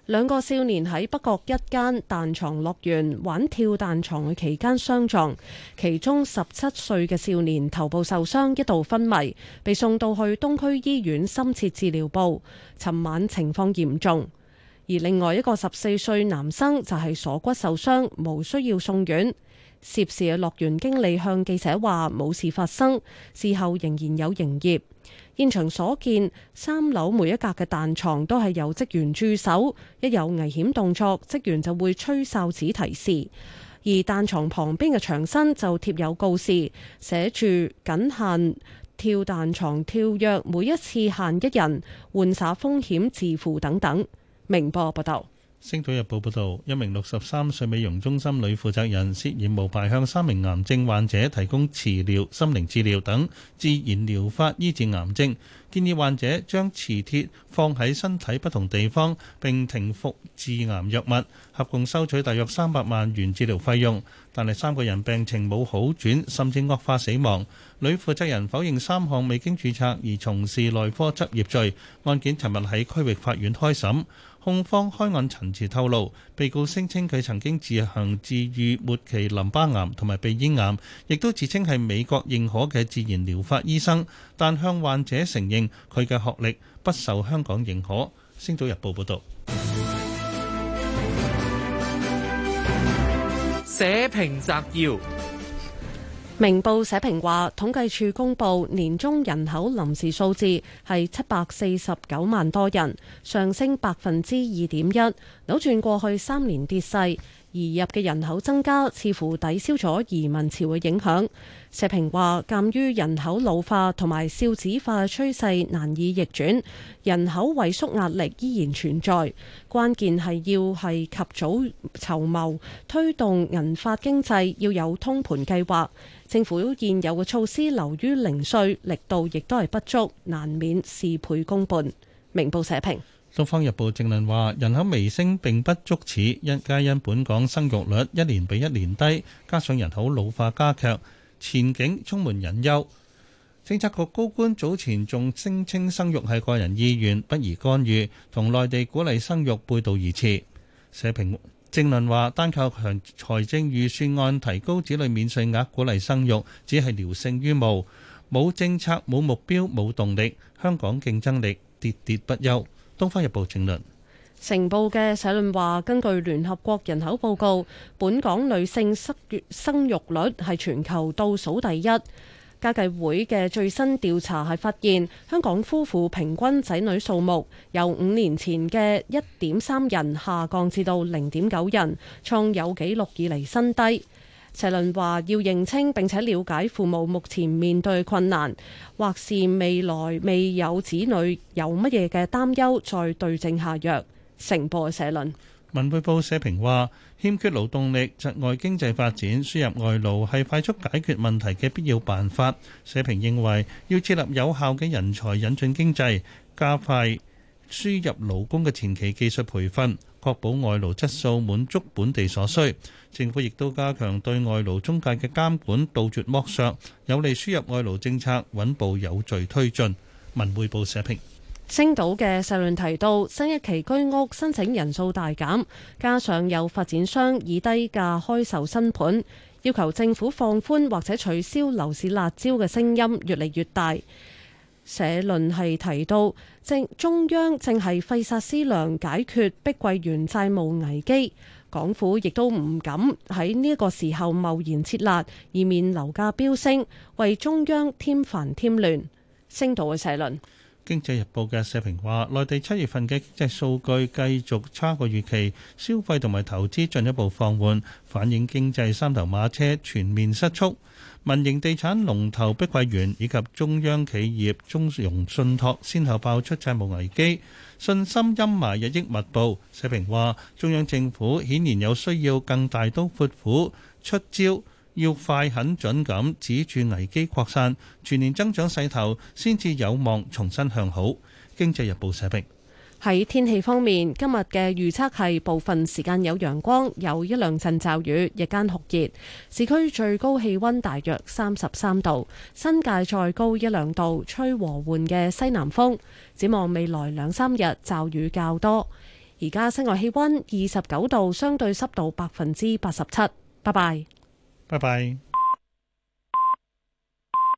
兩個少年喺北角一間彈床樂園玩跳彈床嘅期間相撞，其中十七歲嘅少年頭部受傷，一度昏迷，被送到去東區醫院深切治療部。尋晚情況嚴重，而另外一個十四歲男生就係鎖骨受傷，無需要送院。涉事嘅樂園經理向記者話冇事發生，事後仍然有營業。現場所見，三樓每一格嘅彈床都係有職員駐守，一有危險動作，職員就會吹哨子提示。而彈床旁邊嘅牆身就貼有告示，寫住僅限跳彈床跳躍，每一次限一人，玩耍風險自負等等。明報報道。星島日報報導，一名六十三歲美容中心女負責人涉嫌無牌向三名癌症患者提供磁療、心靈治療等自然療法醫治癌症，建議患者將磁鐵放喺身體不同地方並停服治癌藥物，合共收取大約三百萬元治療費用。但係三個人病情冇好轉，甚至惡化死亡。女負責人否認三項未經註冊而從事內科執業罪。案件尋日喺區域法院開審。控方開案陳詞透露，被告聲稱佢曾經自行治癒末期淋巴癌同埋鼻咽癌，亦都自稱係美國認可嘅自然療法醫生，但向患者承認佢嘅學歷不受香港認可。星島日報報道。社評摘要。明報社評話，統計處公佈年中人口臨時數字係七百四十九萬多人，上升百分之二點一，扭轉過去三年跌勢。移入嘅人口增加，似乎抵消咗移民潮嘅影響。社評話，鑑於人口老化同埋少子化趨勢難以逆轉，人口萎縮壓力依然存在。關鍵係要係及早籌謀，推動銀髮經濟，要有通盤計劃。政府現有嘅措施流於零碎，力度亦都係不足，難免事倍功半。明報社評。《東方日報》正論話：人口微升並不足此，因皆因本港生育率一年比一年低，加上人口老化加劇，前景充滿隱憂。政策局高官早前仲聲稱生育係個人意願，不宜干預，同內地鼓勵生育背道而馳。社評。正論話，單靠強財政預算案提高子女免稅額鼓勵生育，只係聊勝於無，冇政策、冇目標、冇動力，香港競爭力跌跌不休。東方日報正論。成報嘅社論話，根據聯合國人口報告，本港女性失育生育率係全球倒數第一。家計會嘅最新調查係發現，香港夫婦平均仔女數目由五年前嘅一點三人下降至到零點九人，創有紀錄以嚟新低。社論話要認清並且了解父母目前面對困難，或是未來未有子女有乜嘢嘅擔憂，再對症下藥。成報社論。文匯報社評話：欠缺勞動力，窒礙經濟發展，輸入外勞係快速解決問題嘅必要辦法。社評認為，要設立有效嘅人才引進經濟，加快輸入勞工嘅前期技術培訓，確保外勞質素滿足本地所需。政府亦都加強對外勞中介嘅監管，杜絕剝削，有利輸入外勞政策穩步有序推進。文匯報社評。星島嘅社論提到，新一期居屋申請人數大減，加上有發展商以低價開售新盤，要求政府放寬或者取消樓市辣招嘅聲音越嚟越大。社論係提到，正中央正係費煞思量解決碧桂園債務危機，港府亦都唔敢喺呢一個時候貿然撤辣，以免樓價飆升，為中央添煩添亂。星島嘅社論。經濟日報嘅社評話，內地七月份嘅經濟數據繼續差過預期，消費同埋投資進一步放緩，反映經濟三頭馬車全面失速。民營地產龍頭碧桂園以及中央企業中融信託，先後爆出債務危機，信心陰霾日益密布。社評話，中央政府顯然有需要更大刀闊斧出招。要快、狠準，咁止住危機擴散，全年增長勢頭先至有望重新向好。經濟日報社評。喺天氣方面，今日嘅預測係部分時間有陽光，有一兩陣驟雨，日間酷熱，市區最高氣溫大約三十三度，新界再高一兩度，吹和緩嘅西南風，展望未來兩三日驟雨較多。而家室外氣溫二十九度，相對濕度百分之八十七。拜拜。拜拜。